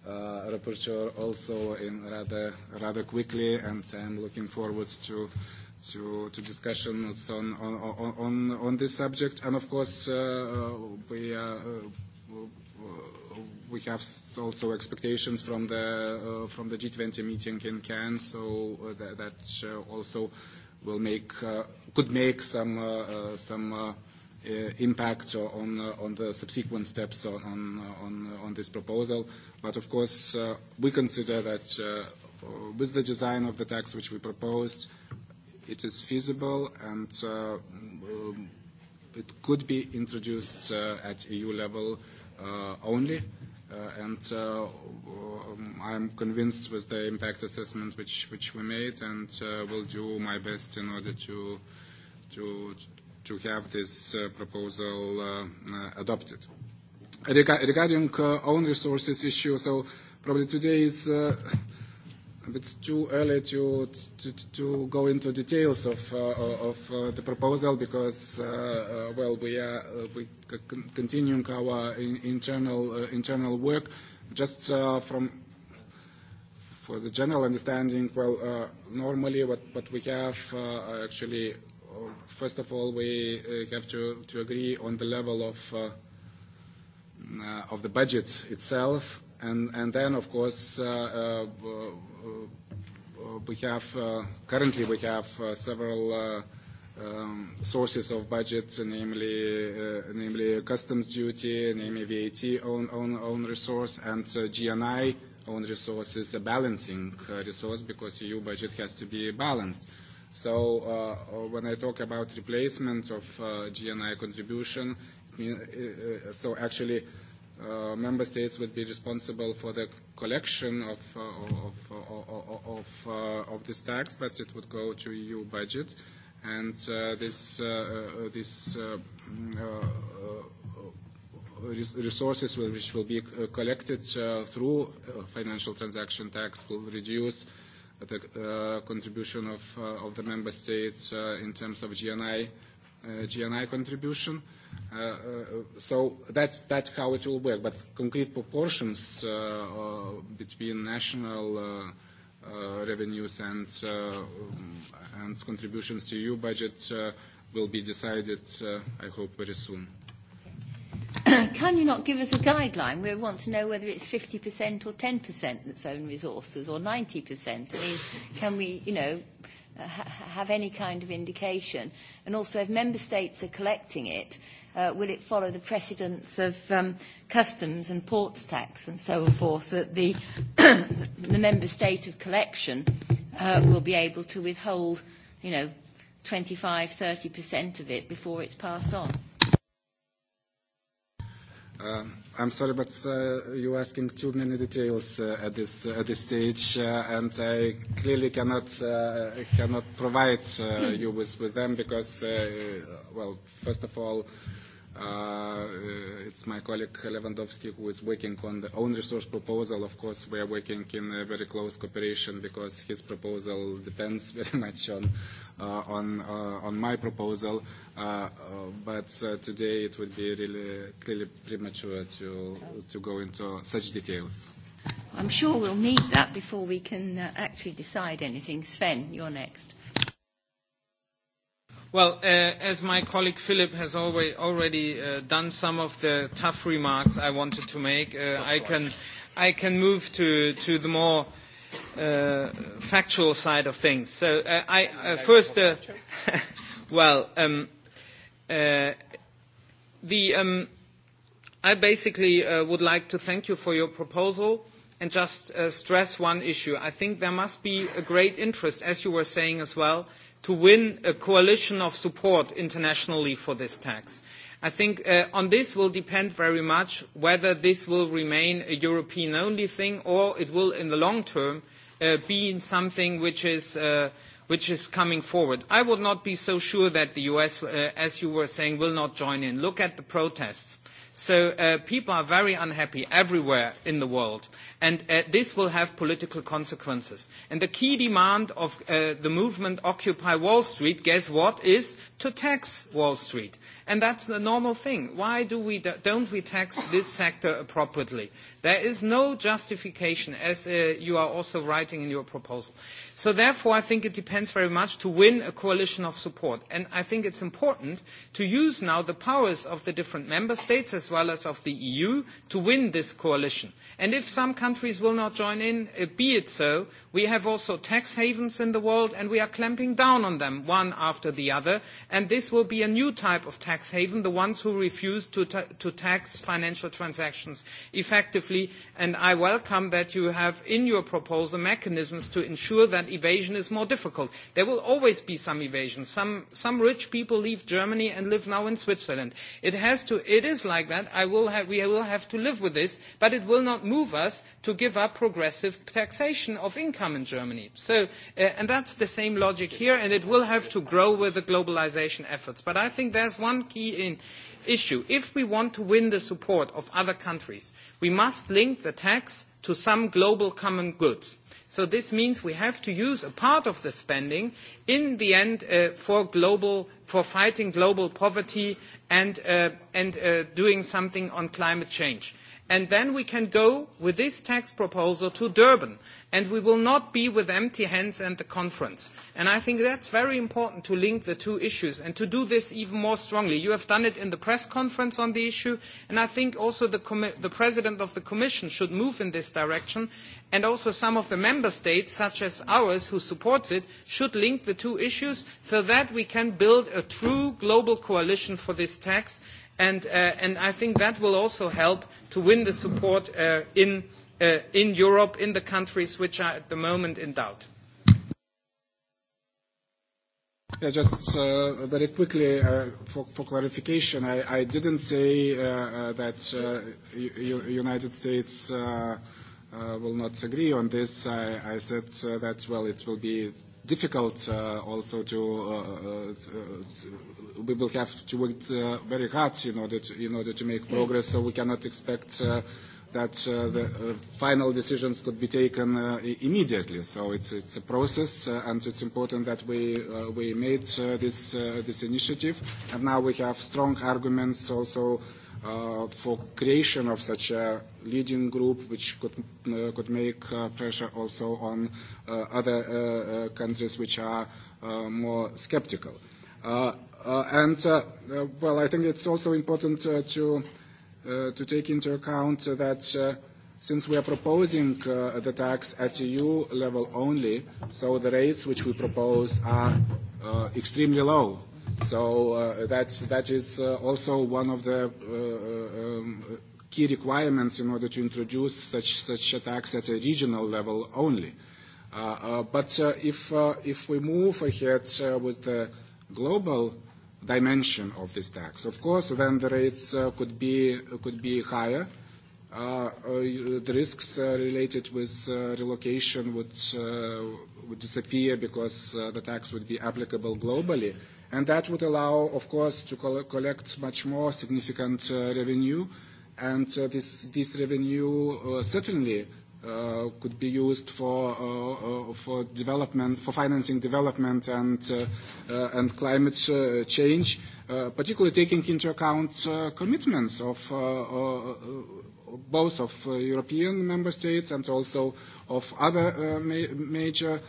uh, rapporteur also in rather rather quickly, and I'm looking forward to to, to discussions on, on, on, on this subject. And of course, uh, uh we uh, uh, we have also expectations from the uh, from the G20 meeting in Cannes, so uh, that, that also will make uh, could make some uh, some uh, Uh, impact on, uh, on the subsequent steps on, on, uh, on this proposal. But of course, we consider that with the design of the tax which we proposed, it is feasible and um, it could be introduced at EU level only. And I um, I'm convinced with the impact assessment which, which we made, and will do my best in order to, to to have this uh, proposal uh, uh, adopted. Rega regarding uh, own resources issue, so probably today is uh, a bit too early to, to, to go into details of, uh, of uh, the proposal because, uh, uh, well, we are uh, we continuing our in internal, uh, internal work. Just uh, from for the general understanding, well, uh, normally what, what we have uh, actually first of all, we uh, have to, to agree on the level of, uh, uh, of the budget itself. And, and then, of course, uh, uh, uh we have, uh, currently we have uh, several uh, um, sources of budget, namely, uh, namely customs duty, namely VAT own, own, own resource, and uh, GNI own resource is a balancing uh, resource because EU budget has to be balanced. Uh, So uh, uh, when I talk about replacement of uh, GNI contribution, uh, uh, so actually uh, member states would be responsible for the collection of, uh, of, uh, of, uh, of this tax, but it would go to EU budget. And uh, this, uh, uh this uh, mm, uh, resources which will be collected uh, through financial transaction tax will reduce uh, the uh, contribution of, uh, of the member states uh, in terms of GNI, GNI contribution. So that's, that's how it will work. But concrete proportions between national revenues and, um, and contributions to EU budget will be decided, I hope, very soon. Can you not give us a guideline? We want to know whether it's 50% or 10% that's own resources or 90%. I mean, can we, you know, have any kind of indication? And also, if member states are collecting it, uh, will it follow the precedents of um, customs and ports tax and so forth that the, the member state of collection uh, will be able to withhold, you know, 25, 30% of it before it's passed on? Uh, I'm sorry, but uh, you're asking too many details uh, at this uh, at this stage, uh, and I clearly cannot cannot provide hmm. you with, with them because, well, first of all, It's my colleague Lewandowski who is working on the own resource proposal. Of course, we are working in a very close cooperation because his proposal depends very much on, uh, on, uh, on my proposal. Uh, uh, but uh, today it would be really clearly premature to, to go into such details. I'm sure we'll need that before we can uh, actually decide anything. Sven, you're next. Well, uh, as my colleague Philip has already, already uh, done some of the tough remarks I wanted to make, uh, I, can, I can move to, to the more uh, factual side of things. So uh, I, uh, first, uh, well, um, uh, the, um, I basically uh, would like to thank you for your proposal and just uh, stress one issue. I think there must be a great interest, as you were saying as well, to win a coalition of support internationally for this tax. I think uh, on this will depend very much whether this will remain a European-only thing or it will, in the long term, uh, be something which is, uh, which is coming forward. I would not be so sure that the US, uh, as you were saying, will not join in. Look at the protests. Uh, So uh, people are very unhappy everywhere in the world, and uh, this will have political consequences. And the key demand of uh, the movement Occupy Wall Street, guess what, is to tax Wall Street. And that's the normal thing. Why do we, don't we tax this sector appropriately? There is no justification, as uh, you are also writing in your proposal. So therefore, I think it depends very much to win a coalition of support. And I think it's important to use now the powers of the different member states, as well as of the EU to win this coalition. And if some countries will not join in, uh, be it so, we have also tax havens in the world and we are clamping down on them one after the other. And this will be a new type of tax haven, the ones who refuse to, ta to tax financial transactions effectively. And I welcome that you have in your proposal mechanisms to ensure that evasion is more difficult. There will always be some evasion. Some, some rich people leave Germany and live now in Switzerland. It, has to, it is like that management. I will have, we will have to live with this, but it will not move us to give up progressive taxation of income in Germany. So, uh, and that's the same logic here, and it will have to grow with the globalization efforts. But I think there's one key in, issue. If we want to win the support of other countries, we must link the tax to some global common goods So this means we have to use a part of the spending in the end uh, for global, for fighting global poverty and, uh, and uh, doing something on climate change. And then we can go with this tax proposal to Durban. And we will not be with empty hands at the conference. And I think that's very important to link the two issues and to do this even more strongly. You have done it in the press conference on the issue. And I think also the, the President of the Commission should move in this direction. And also some of the member states, such as ours, who supports it, should link the two issues so that we can build a true global coalition for this tax And, uh, and I think that will also help to win the support uh, in, uh, in Europe, in the countries which are at the moment in doubt. Yeah, just uh, very quickly uh, for, for clarification, I, I didn't say uh, uh that uh, United States uh, will not agree on this. I, I said that, well, it will be difficult uh, also to, uh, uh, uh, we will have to work uh, very hard in order to, in order to make progress, so we cannot expect uh, that uh, the uh, final decisions could be taken uh, immediately. So it's, it's a process, uh, and it's important that we, uh, we made uh, this, uh, this initiative, and now we have strong arguments also uh, uh, for creation of such a leading group, which could, uh, could make uh, pressure also on uh, other uh, uh, countries which are uh, more skeptical. Uh, uh, and, uh, uh, well, I think it's also important uh, to, uh, to take into account that uh, since we are proposing uh, the tax at EU level only, so the rates which we propose are uh, extremely low So uh, that, that is uh, also one of the uh, um, key requirements in order to introduce such, such tax at a regional level only. but if, if we move ahead with the global dimension of this tax, of course, then the rates could, be, could be higher. the risks related with relocation would, disappear because the tax would be applicable globally. And that would allow, of course, to collect much more significant uh, revenue. And uh, this, revenue uh, certainly could be used for development, for financing development and and climate change, particularly taking into account commitments of both of European member states and also of other major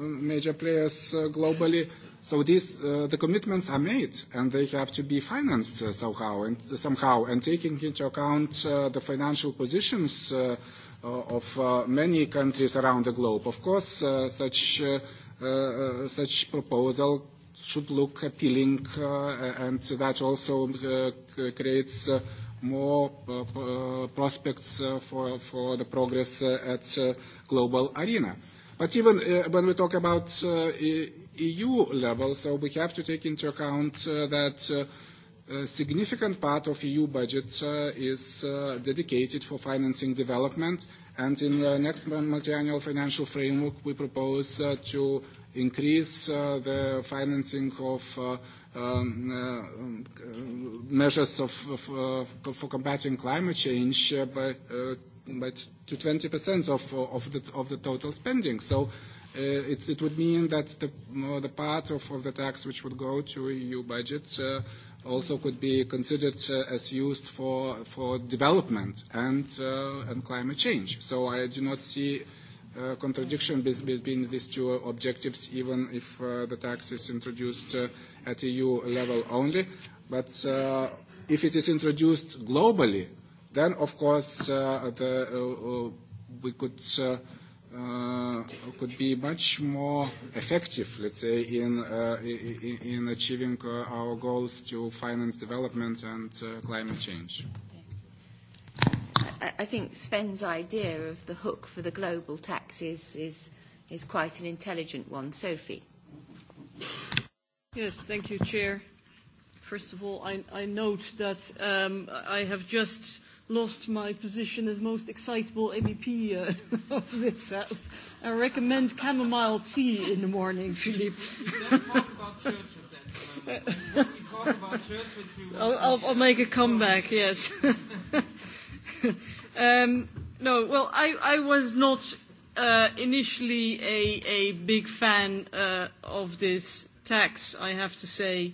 major players globally So these, uh, the commitments are made and they have to be financed uh, somehow and uh, somehow. And taking into account uh, the financial positions uh, uh, of uh, many countries around the globe, of course, uh, such uh, uh, uh such proposal should look appealing, uh, and that also uh, creates uh, more uh, prospects uh, for for the progress uh, at uh, global arena. But even uh, when we talk about uh, EU e level, so we have to take into account uh, that uh, a significant part of EU budget uh, is uh, dedicated for financing development, and in the next multi-annual financial framework, we propose uh, to increase uh, the financing of uh, um, uh, um, measures of, of, uh, for combating climate change uh, by uh, by to 20% of, of, the, of the total spending. So uh, it, it would mean that the, uh, the part of, of the tax which would go to EU budget uh, also could be considered uh, as used for, for development and, uh, and climate change. So I do not see uh, contradiction be- between these two objectives, even if uh, the tax is introduced uh, at EU level only. But uh, if it is introduced globally, Then, of course, uh, the, uh, uh, we could uh, uh, could be much more effective, let's say, in uh, in, achieving uh, our goals to finance development and uh, climate change. I, I think Sven's idea of the hook for the global tax is, is, is quite an intelligent one. Sophie. Yes, thank you, Chair. First of all, I, I note that um, I have just lost my position as most excitable MEP uh, of this house. I recommend chamomile tea in the morning, Philippe. Let's talk about church at talk about I'll, I'll, make a comeback, yes. um, no, well, I, I was not uh, initially a, a big fan uh, of this tax, I have to say.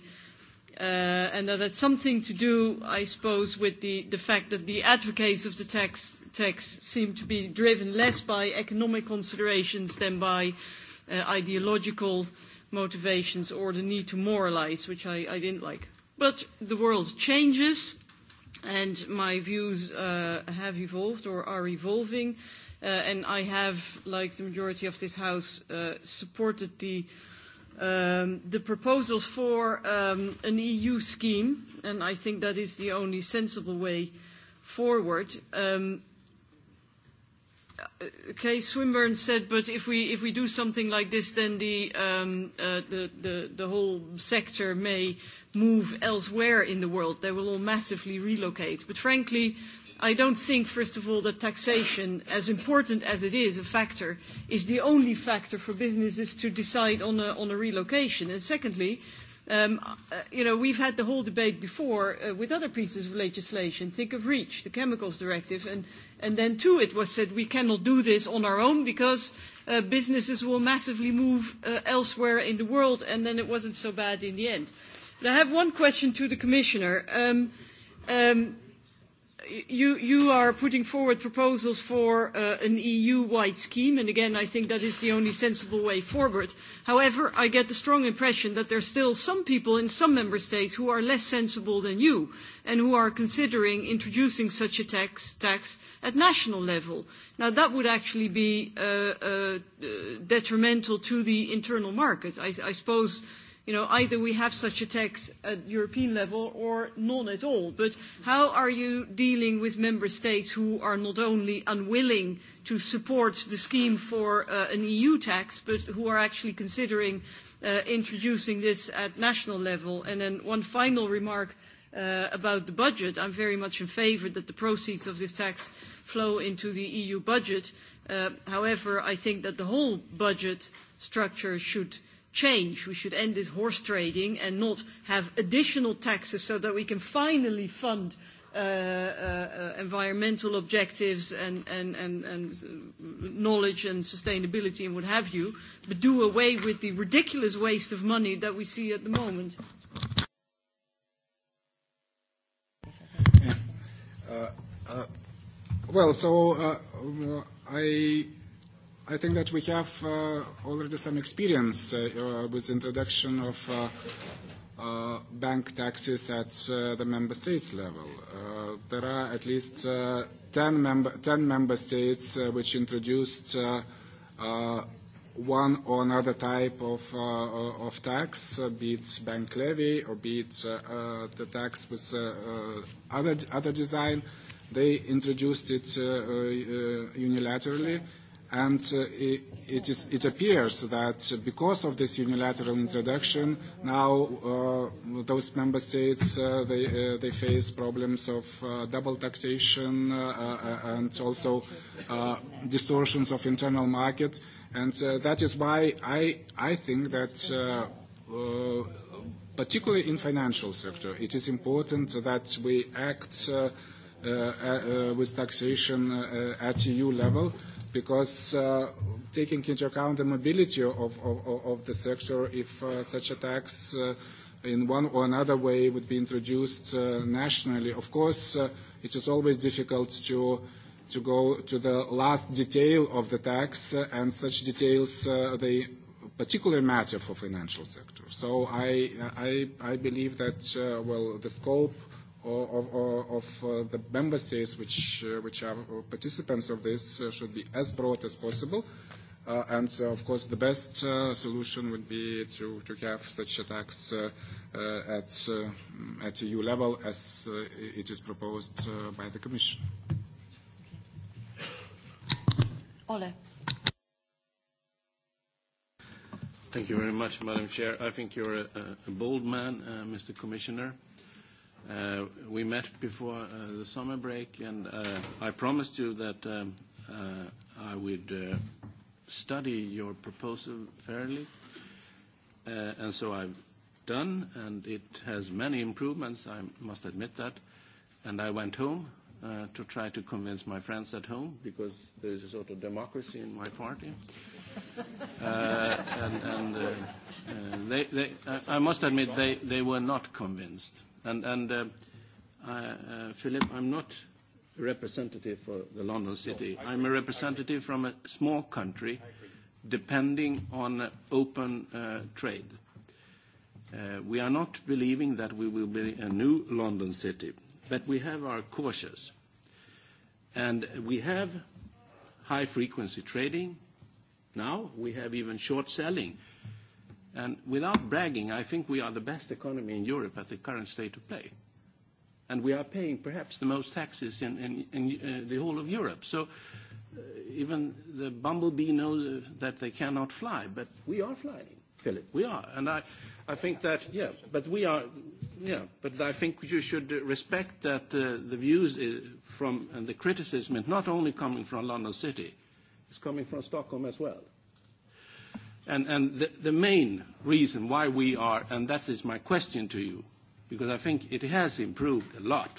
Uh, and that had something to do, I suppose, with the, the fact that the advocates of the tax, tax seem to be driven less by economic considerations than by uh, ideological motivations or the need to moralize, which I, I didn't like. But the world changes, and my views uh, have evolved or are evolving, uh, and I have, like the majority of this House, uh, supported the uh, um, the proposals for um, an EU scheme, and I think that is the only sensible way forward. Um, okay, uh, Swinburne said, but if we, if we do something like this, then the, um, uh, the, the, the whole sector may move elsewhere in the world. They will all massively relocate. But frankly, I don't think, first of all, that taxation, as important as it is a factor, is the only factor for businesses to decide on a, on a relocation. And secondly, um, uh, you know, we've had the whole debate before uh, with other pieces of legislation. Think of REACH, the chemicals directive, and, and then too it was said we cannot do this on our own because uh, businesses will massively move uh, elsewhere in the world, and then it wasn't so bad in the end. But I have one question to the Commissioner. Um, um, you, you are putting forward proposals for uh, an EU-wide scheme, and again, I think that is the only sensible way forward. However, I get the strong impression that there are still some people in some member states who are less sensible than you, and who are considering introducing such a tax, tax at national level. Now, that would actually be uh, uh, uh detrimental to the internal market. I, I suppose You know, either we have such a tax at European level or none at all. But how are you dealing with member states who are not only unwilling to support the scheme for uh, an EU tax, but who are actually considering uh, introducing this at national level? And then one final remark Uh, about the budget. I'm very much in favour that the proceeds of this tax flow into the EU budget. Uh, however, I think that the whole budget structure should change. We should end this horse trading and not have additional taxes so that we can finally fund uh, uh, uh, environmental objectives and, and, and, and knowledge and sustainability and what have you, but do away with the ridiculous waste of money that we see at the moment. Uh, uh, well, so uh, I I think that we have uh, already some experience uh, uh, with introduction of uh, uh, bank taxes at uh, the member states level. Uh, there are at least uh, 10, member, 10 member states uh, which introduced uh, uh, one or another type of, uh, uh, of tax, uh, be it bank levy or be it uh, uh, the tax with uh, uh, other, other design. They introduced it uh, uh, unilaterally. Okay And uh, it, is, it appears that because of this unilateral introduction, now uh, those member states uh, they, uh, they face problems of uh, double taxation uh, uh, uh, and also uh, distortions of internal market. And uh, that is why I, I think that. Uh, uh, particularly in financial sector, it is important that we act uh, uh, uh, with taxation uh, uh at EU level uh, because uh, taking into account the mobility of, of, of the sector, if uh, such a tax uh, in one or another way would be introduced uh, nationally, of course, uh, it is always difficult to to go to the last detail of the tax, uh, and such details uh, they particularly matter for financial sector. So I I, I believe that uh, well the scope of, of, of uh, the member states which, uh, which are uh, participants of this should be as broad as possible. Uh, and so, of course, the best uh, solution would be to, to have such a tax uh, at, at EU level as it is proposed by the Commission. Ole. Thank you very much, Madam Chair. I think you're a, a bold man, Mr. Commissioner. Uh, we met before uh, the summer break, and uh, I promised you that um, I would study your proposal fairly. And so I've done, and it has many improvements, I must admit that. And I went home to try to convince my friends at home, because there is a sort of democracy in my party. And, they, I must admit, they, they were not convinced. Uh, uh, Philip, I'm not a representative for the London no, City. No, I'm a representative from a small country depending on uh, open trade. we are not believing that we will be a new London City, but we have our cautious. And we have high-frequency trading. Now we have even short selling without bragging, I think we are the best economy in Europe at the current state of play. And we are paying perhaps the most taxes in, uh, the whole of Europe. So uh, even the bumblebee knows uh, that they cannot fly, but we are flying, Philip. We are. And I, think that, yeah, but we are, yeah, but I think you should respect that the views from and the criticism is not only coming from London City, it's coming from Stockholm as well. And, the, main reason why we are, and that is my question to you, because I think it has improved a lot.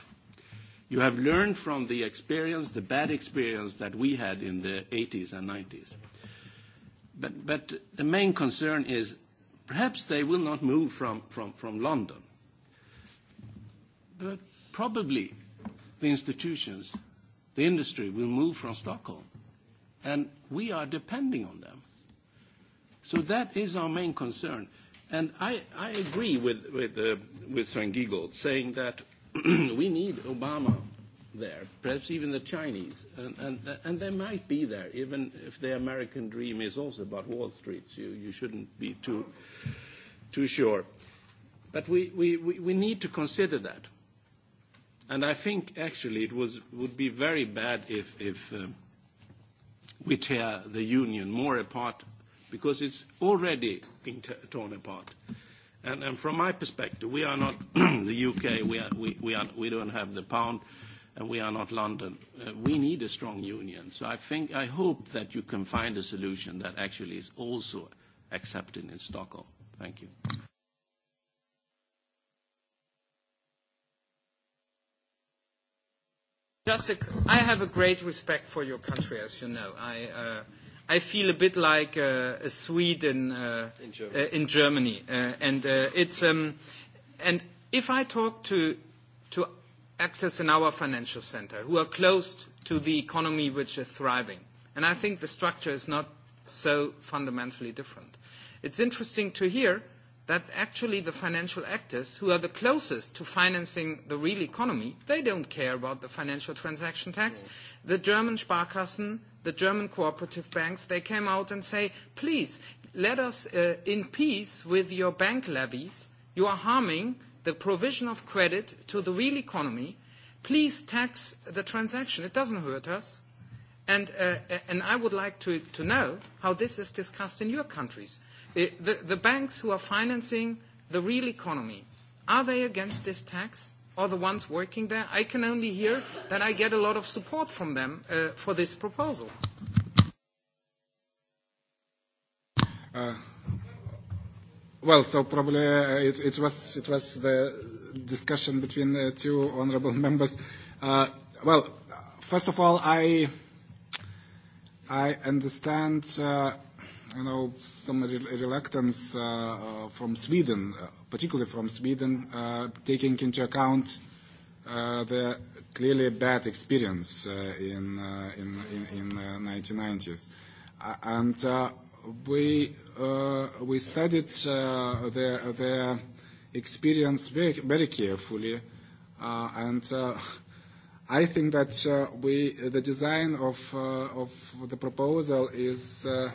You have learned from the experience, the bad experience that we had in the 80s and 90s. But, the main concern is perhaps they will not move from, from London. But probably the institutions, the industry will move from Stockholm, and we are depending on them. So that is our main concern. And I, I agree with, with, uh, with Sven Giegel saying that we need Obama there, perhaps even the Chinese. And, and, and they might be there, even if the American dream is also about Wall Street. So you, you shouldn't be too, too sure. But we, we, we, we need to consider that. And I think actually it was, would be very bad if, if um, we tear the union more apart because it's already been torn apart. And, and from my perspective, we are not the U.K., we, are, we, we, are, we don't have the pound, and we are not London. Uh, we need a strong union. So I think, I hope that you can find a solution that actually is also accepted in Stockholm. Thank you. Jessica, I have a great respect for your country, as you know. I, uh, I feel a bit like uh, a Swede in, uh, in Germany. Uh, in Germany. Uh, and uh, it's um, and if I talk to to actors in our financial center who are close to the economy which is thriving, and I think the structure is not so fundamentally different. It's interesting to hear that actually the financial actors who are the closest to financing the real economy, they don't care about the financial transaction tax. No. The German Sparkassen the German cooperative banks, they came out and say, please, let us uh, in peace with your bank levies. You are harming the provision of credit to the real economy. Please tax the transaction. It doesn't hurt us. And, uh, and I would like to, to know how this is discussed in your countries. Uh, the, the banks who are financing the real economy, are they against this tax? are the ones working there. I can only hear that I get a lot of support from them uh, for this proposal. Uh, well, so probably uh, it, it, was, it was the discussion between uh, two honourable members. Uh, well, first of all, I, I understand. Uh, you know, some re reluctance uh, uh, from Sweden, uh, particularly from Sweden, uh, taking into account uh, the clearly bad experience uh, in, uh, in, in, in uh, 1990s. Uh, and uh, we, uh, we studied uh, their, their experience very, very carefully. Uh, and uh, I think that uh, we, the design of, uh, of the proposal is uh,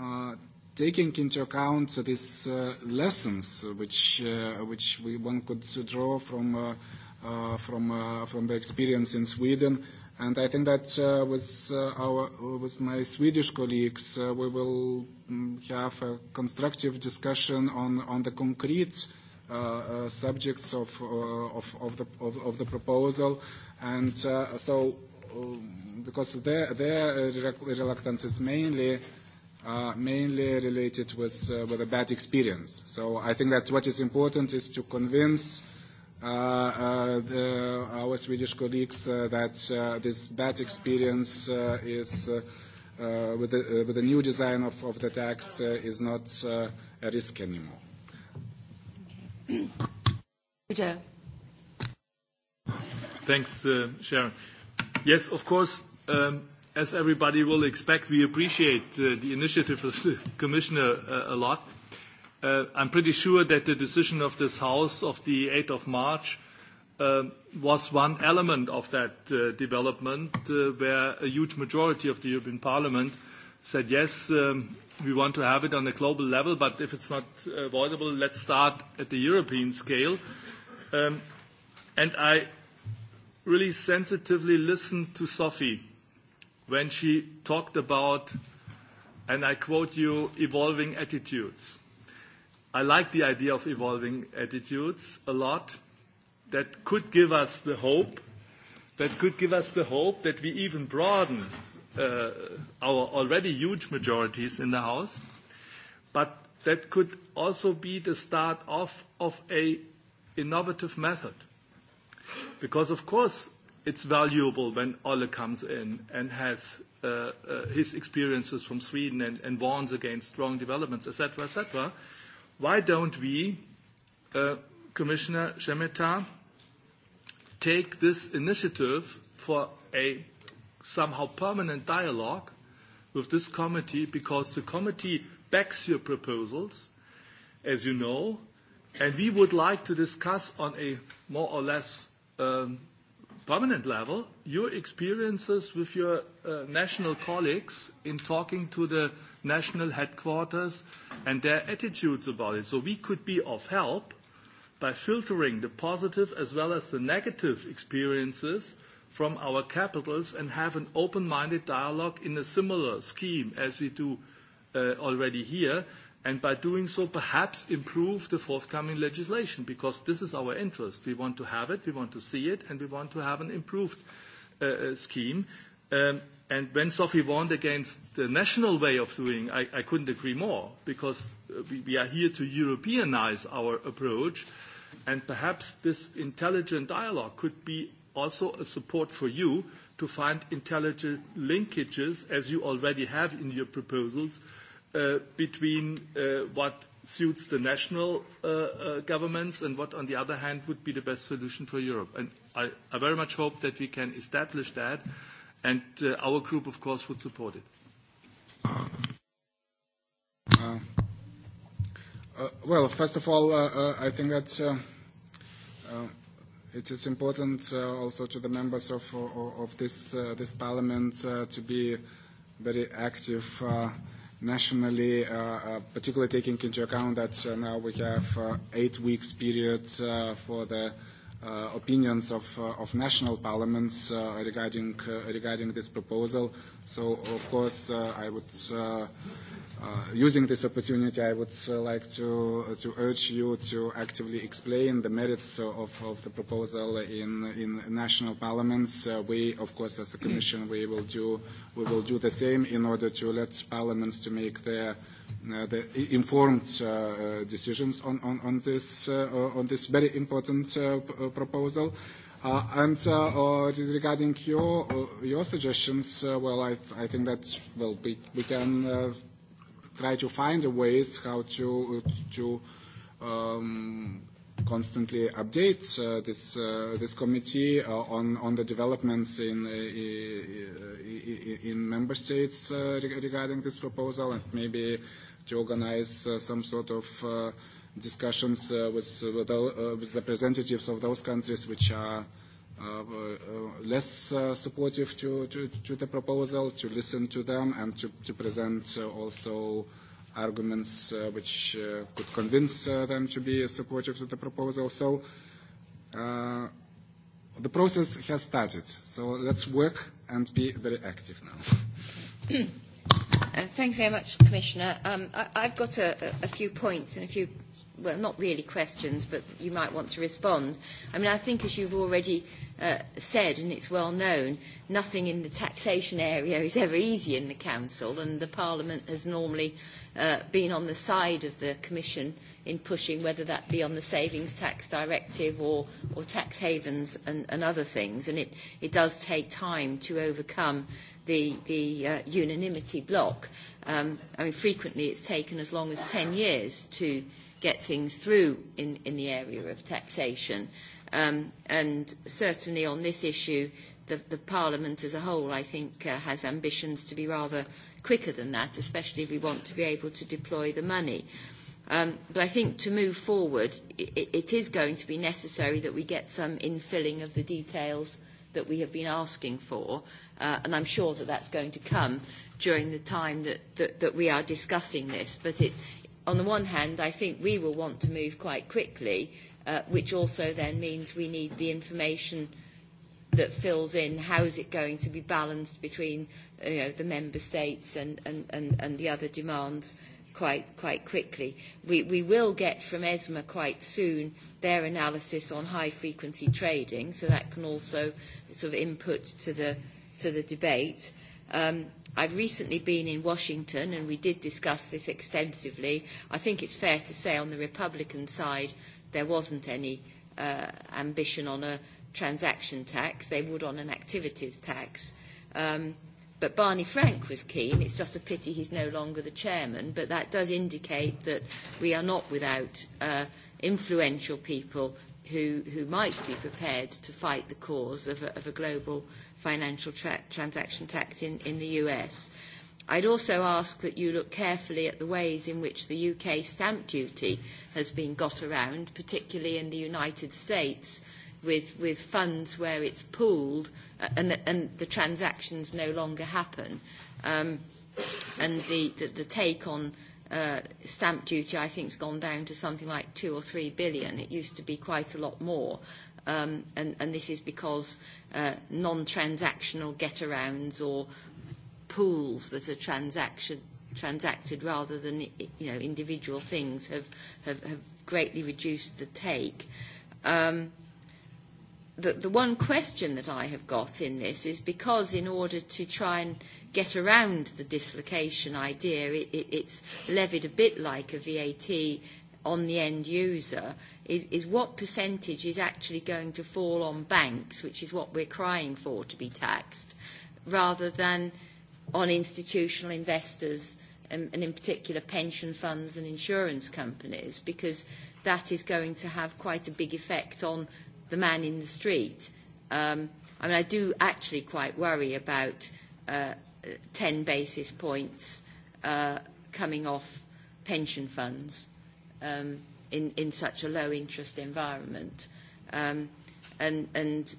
Uh, taking into account these uh, lessons which, uh, which we, one could draw from, uh, uh, from, uh, from the experience in Sweden, And I think that uh, with, uh, our, with my Swedish colleagues, uh, we will mm, have a constructive discussion on, on the concrete uh, uh, subjects of, uh, of, of, the, of, of the proposal. And uh, so, um, because their, their reluctance is mainly Uh, mainly related with, uh, with a bad experience. So I think that what is important is to convince uh, uh, the, our Swedish colleagues uh, that uh, this bad experience uh, is, uh, uh, with, the, uh, with the new design of, of the tax, uh, is not uh, a risk anymore. Thanks, uh, Sharon. Yes, of course. Um, as everybody will expect, we appreciate uh, the initiative of the Commissioner uh, a lot. Uh, I'm pretty sure that the decision of this House of the 8th of March uh, was one element of that uh, development, uh, where a huge majority of the European Parliament said, yes, um, we want to have it on a global level, but if it's not avoidable, let's start at the European scale. Um, and I really sensitively listened to Sophie when she talked about, and I quote you, evolving attitudes. I like the idea of evolving attitudes a lot. That could give us the hope. That could give us the hope that we even broaden uh, our already huge majorities in the House. But that could also be the start off of a innovative method. Because of course, it's valuable when Ole comes in and has uh, uh, his experiences from Sweden and, and warns against strong developments, etc., etc. Why don't we, uh, Commissioner Shemeta, take this initiative for a somehow permanent dialogue with this committee because the committee backs your proposals, as you know, and we would like to discuss on a more or less um, permanent level, your experiences with your uh, national colleagues in talking to the national headquarters and their attitudes about it. So we could be of help by filtering the positive as well as the negative experiences from our capitals and have an open-minded dialogue in a similar scheme as we do uh, already here and by doing so perhaps improve the forthcoming legislation because this is our interest. We want to have it, we want to see it, and we want to have an improved uh, uh scheme. Um, and when Sophie warned against the national way of doing, I, I couldn't agree more because uh, we, we are here to Europeanize our approach, and perhaps this intelligent dialogue could be also a support for you to find intelligent linkages, as you already have in your proposals, uh, Uh, between uh, what suits the national uh, governments and what, on the other hand, would be the best solution for Europe. And I, very much hope that we can establish that, and our group, of course, would support it. Well, first of all, I think that it is important also to the members of, of this, this parliament to be very active nationally, uh, uh, particularly taking into account that uh, now we have uh, eight weeks period uh, for the uh, opinions of, uh, of national parliaments uh, regarding, uh, regarding this proposal. So, of course, uh, I would uh, Uh, using this opportunity, I would uh, like to, uh, to urge you to actively explain the merits of, of the proposal in, in national parliaments. Uh, we, of course, as a commission, we will, do, we will do the same in order to let parliaments to make their uh, the informed decisions on, on, on, this, on this very important proposal. Uh, and uh, uh, regarding your your suggestions, well, I, I think that well we we can try to find the ways how to to um, constantly update uh, this uh, this committee uh, on on the developments in uh, in member states uh, regarding this proposal and maybe to organize uh, some sort of uh, discussions uh, with with, uh, with representatives of those countries which are Uh, uh, less uh, supportive to, to, to the proposal, to listen to them and to, to present uh, also arguments uh, which uh, could convince uh, them to be supportive to the proposal. So uh, the process has started. So let's work and be very active now. uh, thank you very much, Commissioner. Um, I, I've got a, a few points and a few well, not really questions, but you might want to respond. I mean, I think as you've already Uh, said, and it's well known, nothing in the taxation area is ever easy in the Council, and the Parliament has normally uh, been on the side of the Commission in pushing, whether that be on the Savings Tax Directive or, or tax havens and, and other things. And it, it does take time to overcome the, the uh, unanimity block. Um, I mean, frequently it's taken as long as 10 years to get things through in, in the area of taxation. Um, and certainly on this issue, the, the Parliament as a whole, I think, uh, has ambitions to be rather quicker than that, especially if we want to be able to deploy the money. Um, but I think to move forward, it, it is going to be necessary that we get some infilling of the details that we have been asking for, uh, and I'm sure that that's going to come during the time that, that, that we are discussing this. But it, on the one hand, I think we will want to move quite quickly, Uh, which also then means we need the information that fills in how is it going to be balanced between uh, you know, the member states and, and, and, and the other demands quite, quite quickly. We, we will get from ESMA quite soon their analysis on high-frequency trading, so that can also sort of input to the, to the debate. Um, I've recently been in Washington, and we did discuss this extensively. I think it's fair to say on the Republican side, there wasn't any uh, ambition on a transaction tax. They would on an activities tax. Um, but Barney Frank was keen. It's just a pity he's no longer the chairman, but that does indicate that we are not without uh, influential people who, who might be prepared to fight the cause of a, of a global financial tra- transaction tax in, in the US. Uh, I'd also ask that you look carefully at the ways in which the UK stamp duty has been got around, particularly in the United States, with, with funds where it's pooled uh, and the, and the transactions no longer happen. Um, and the, the, the take on uh, stamp duty, I think, has gone down to something like two or three billion. It used to be quite a lot more. Um, and, and this is because uh, non-transactional get-arounds or, pools that are transaction, transacted rather than you know, individual things have, have, have greatly reduced the take. Um, the, the one question that I have got in this is because in order to try and get around the dislocation idea, it, it, it's levied a bit like a VAT on the end user, is, is what percentage is actually going to fall on banks, which is what we're crying for to be taxed, rather than on institutional investors and, um, and in particular pension funds and insurance companies because that is going to have quite a big effect on the man in the street. Um, I mean, I do actually quite worry about uh, 10 basis points uh, coming off pension funds um, in, in such a low interest environment. Um, and, and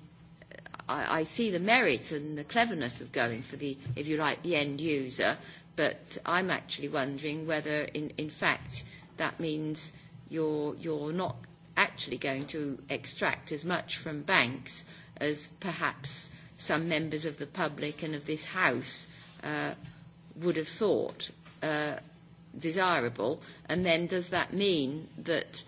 I, I see the merits and the cleverness of going for the, if you like, the end user, but I'm actually wondering whether, in, in fact, that means you're, you're not actually going to extract as much from banks as perhaps some members of the public and of this House uh, would have thought uh, desirable. And then does that mean that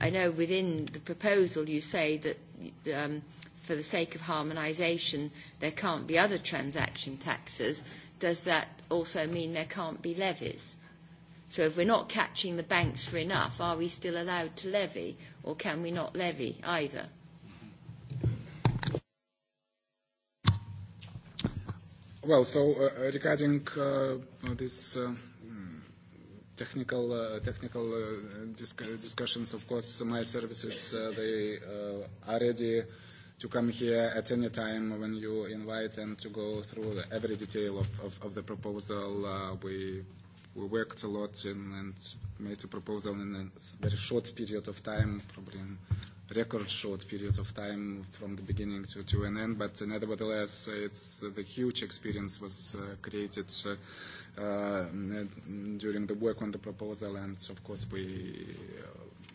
I know within the proposal you say that um, for the sake of harmonisation, there can't be other transaction taxes, does that also mean there can't be levies? So if we're not catching the banks for enough, are we still allowed to levy, or can we not levy either? Well, so uh, uh regarding uh, this uh, hmm, technical uh, technical uh, disc discussions, of course, my services uh, they uh, are ready to come here at any time when you invite and to go through the, every detail of, of, of the proposal. Uh, we, we worked a lot in, and made a proposal in a very short period of time, probably in record short period of time from the beginning to, to an end. But nevertheless, it's the huge experience was uh, created uh, uh, during the work on the proposal, and of course we. Uh,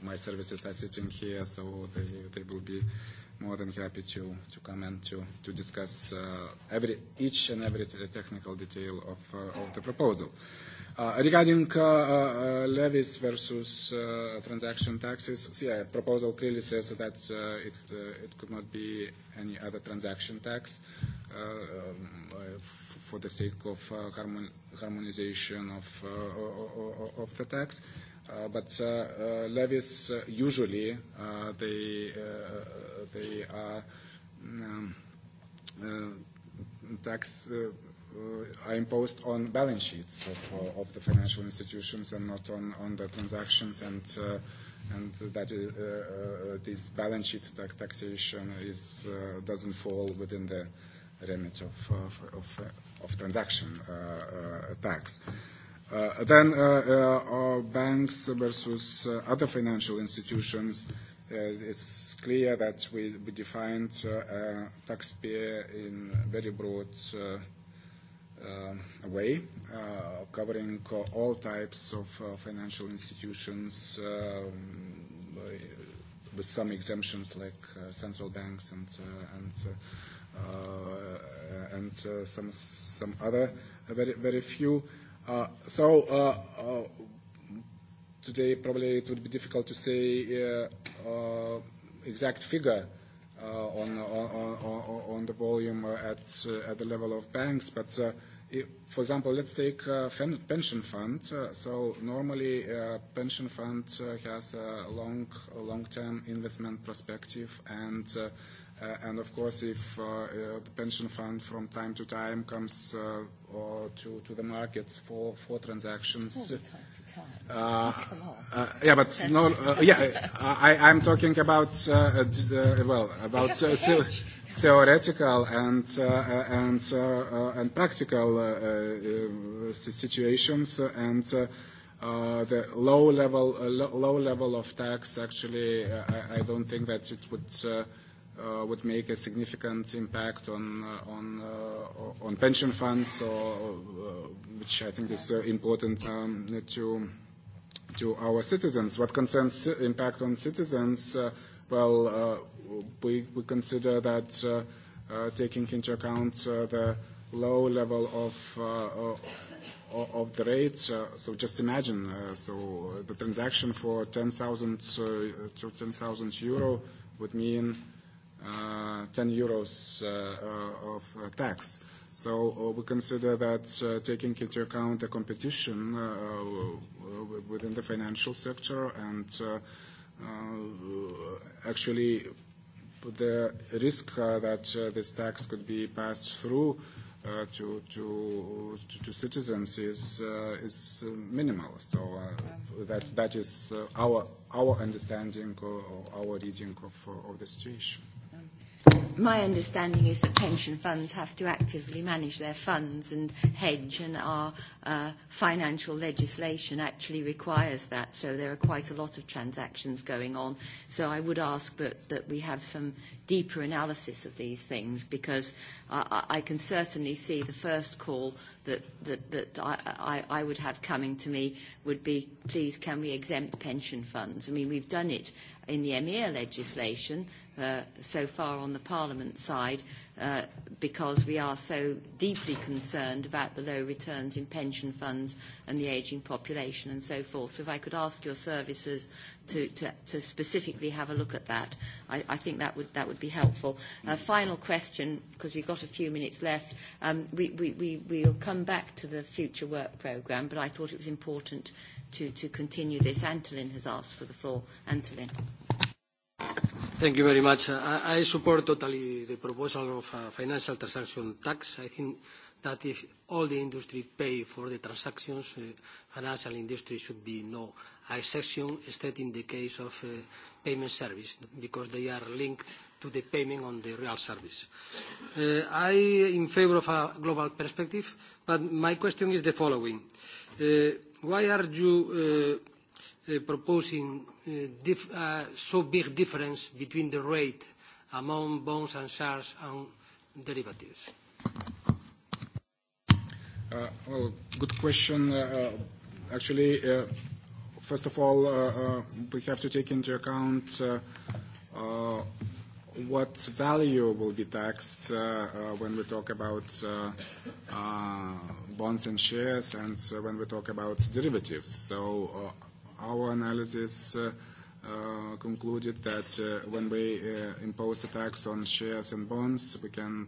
my services are sitting here, so they, they will be more than happy to, to come and to, to discuss uh, every, each and every technical detail of, uh, of the proposal. Uh, regarding uh, uh, uh levies versus uh, transaction taxes, yeah, uh, proposal clearly says that uh, it, uh, it could not be any other transaction tax uh, um, uh, for the sake of uh, harmon- harmonization of, uh, of the tax. Uh, Uh, but uh, uh, levies uh, usually uh, they uh, uh they are um, uh, tax uh, uh, are imposed on balance sheets of, uh, of the financial institutions and not on, on the transactions and uh, and that uh, uh, this balance sheet tax taxation is uh, doesn't fall within the remit of of, of, of transaction uh, uh, tax. Uh, Uh, then our uh, uh, banks versus other financial institutions, it's clear that we, defined taxpayer in very broad way, covering all types of financial institutions, um, with some exemptions like central banks and and some some other very very few. Uh, so uh, uh, today probably it would be difficult to say uh, uh, exact figure uh, on, on, on, on the volume uh, at, uh, at the level of banks, but uh, if, for example, let's take a uh, pension fund. Uh, so normally, a uh, pension fund has a long, long-term investment perspective and. Uh, Uh, and of course, if uh, uh, the pension fund from time to time comes uh, or to, to the market for, for transactions. All the time to time. Uh, uh, yeah, but no, uh, yeah, uh, I, I'm talking about, uh, uh, uh well, about uh, the, theoretical and, uh, uh, and, uh, uh, and practical uh, uh, situations and uh, Uh, the low level, uh, low level of tax, actually, uh, I, I don't think that it would uh, uh, would make a significant impact on uh, on uh, on pension funds, uh, which I think is uh, important um, to to our citizens. What concerns impact on citizens, uh, well, uh, we we consider that uh, uh, taking into account uh, the low level of uh, of the rates. Uh, so just imagine, uh, so the transaction for 10,000 uh, to 10,000 euro would mean uh, 10 euros uh, uh, of uh, tax. So we consider that taking into account the competition within the financial sector and actually the risk that this tax could be passed through to, citizens is, minimal. So that, is our, understanding or, our reading of the situation. My understanding is that pension funds have to actively manage their funds and hedge, and our uh, financial legislation actually requires that. So there are quite a lot of transactions going on. So I would ask that, that we have some deeper analysis of these things because I, I can certainly see the first call that, that, that I, I, I would have coming to me would be, please, can we exempt pension funds? I mean, we've done it in the EMEA legislation Uh, so far on the Parliament side uh, because we are so deeply concerned about the low returns in pension funds and the ageing population and so forth. So if I could ask your services to, to, to specifically have a look at that, I, I think that would, that would be helpful. Uh, final question, because we've got a few minutes left. Um, we, we, we, we'll come back to the future work programme, but I thought it was important to, to continue this. Antolin has asked for the floor. Antolin. Thank you very much. I, support totally the proposal of a uh, financial transaction tax. I think that if all the industry pay for the transactions, uh, financial industry should be no exception, except in the case of uh, payment service, because they are linked to the payment on the real service. I I in favor of a global perspective, but my question is the following. why are you proposing Uh, uh, so big difference between the rate among bonds and shares and derivatives? Uh, well, good question. Uh, actually, uh, first of all, uh, uh, we have to take into account uh, uh, what value will be taxed uh, uh, when we talk about uh, uh, bonds and shares and uh, when we talk about derivatives. So uh, our analysis uh, uh, concluded that uh, when we uh, impose a tax on shares and bonds, we can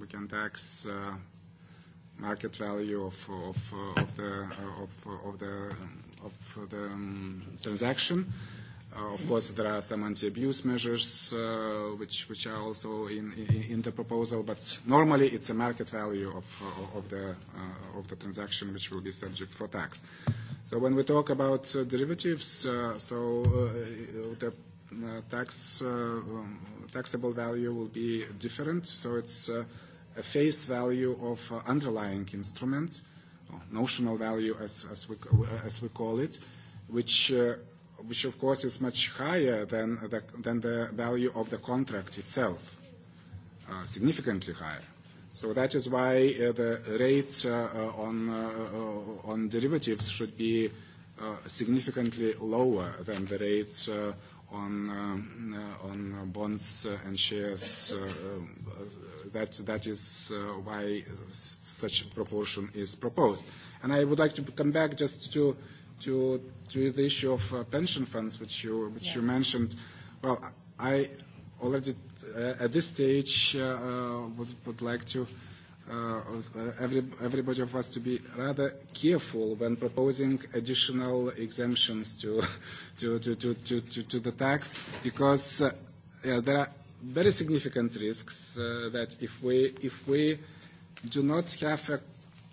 we can tax uh, market value of of uh, of the uh, of uh, of the um, of the um, transaction. Uh, of course, there are some anti-abuse measures uh, which which are also in, in in the proposal, but normally it's a market value of of the uh, of the transaction which will be subject for tax. Uh, So when we talk about uh, derivatives, uh, so uh, the uh, tax, uh, um, taxable value will be different. So it's uh, a face value of uh, underlying instrument, notional value as, as, we, as we call it, which, uh, which of course is much higher than the, than the value of the contract itself, uh, significantly higher. So that is why uh, the rates uh, uh on, uh, uh, on derivatives should be uh, significantly lower than the rates uh, on, uh, on bonds uh, and shares. Uh, that, that is uh, why such proportion is proposed. And I would like to come back just to, to, to the issue of uh, pension funds, which you, which yeah. you mentioned. Well, I already Uh, at this stage, uh, uh, would, like to everybody of us to be rather careful when proposing additional exemptions to, to, the tax, because there are very significant risks that if we, if we do not have a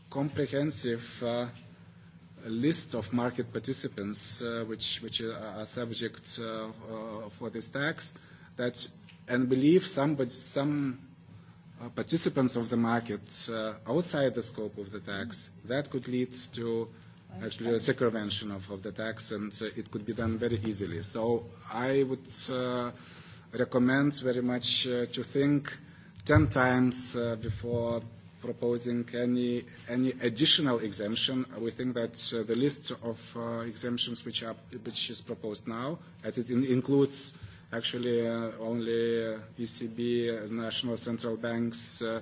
comprehensive list of market participants which, which are subject for this tax, that and believe some uh, participants of the market uh, outside the scope of the tax, that could lead to actually a circumvention of, of the tax, and uh, it could be done very easily. So I would uh, recommend very much uh, to think 10 times uh, before proposing any, any additional exemption. We think that uh, the list of uh, exemptions which, are, which is proposed now, that it in, includes uh, Actually, uh, only uh, ECB, uh, national central banks, uh,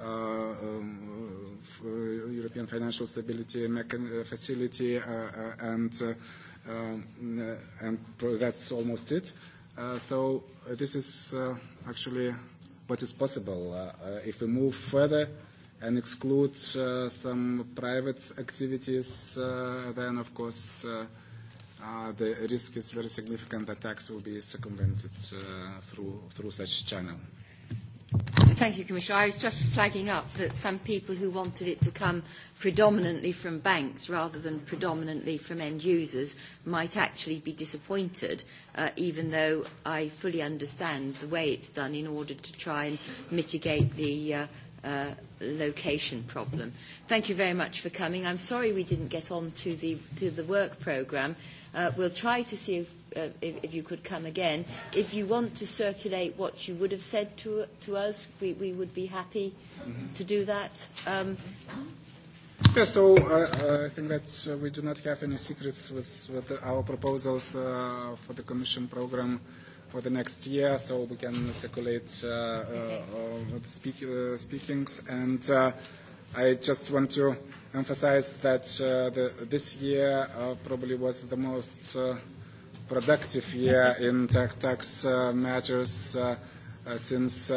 uh, um, uh, European Financial Stability Mechan uh, Facility, uh, uh, and, uh, um, uh, and that's almost it. Uh, so uh, this is uh, actually what is possible. Uh, uh, if we move further and exclude uh, some private activities, uh, then of course uh, Uh, the risk is very significant that tax will be circumvented uh, through, through such channel. Thank you, Commissioner. I was just flagging up that some people who wanted it to come predominantly from banks rather than predominantly from end users might actually be disappointed, uh, even though I fully understand the way it's done in order to try and mitigate the uh, uh, location problem. Thank you very much for coming. I'm sorry we didn't get on to the, to the work programme. Uh, we'll try to see if, uh, if, if you could come again. If you want to circulate what you would have said to, to us, we, we would be happy mm-hmm. to do that. Um, yeah, so uh, uh I think that uh, we do not have any secrets with, with our proposals uh, for the Commission program for the next year, so we can circulate uh, uh okay. uh, speak, uh, speakings. And uh, I just want to emphasize that uh, the, this year uh, probably was the most uh, productive year in tax matters since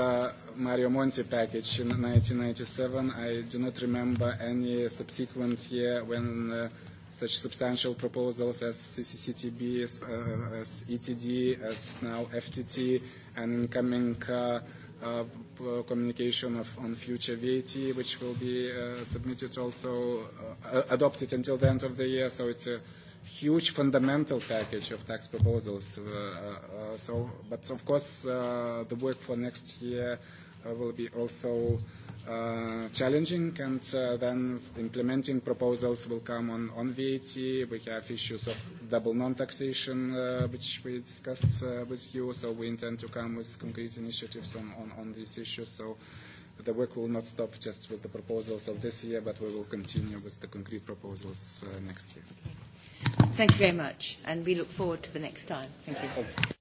Mario Monti package in 1997. I do not remember any subsequent year when uh, such substantial proposals as CCCTB, as, uh, as ETD, as now FTT, and incoming uh, uh, uh, communication of, on future VAT, which will be uh, submitted also, uh, adopted until the end of the year. So it's a huge fundamental package of tax proposals. Uh, uh, so, but of course, uh, the work for next year uh, will be also uh, Uh, challenging, and uh, then implementing proposals will come on, on VAT. We have issues of double non-taxation, uh, which we discussed uh, with you, so we intend to come with concrete initiatives on, on, on these issues. So the work will not stop just with the proposals of this year, but we will continue with the concrete proposals uh, next year. Thank you very much, and we look forward to the next time. Thank you. Thank you.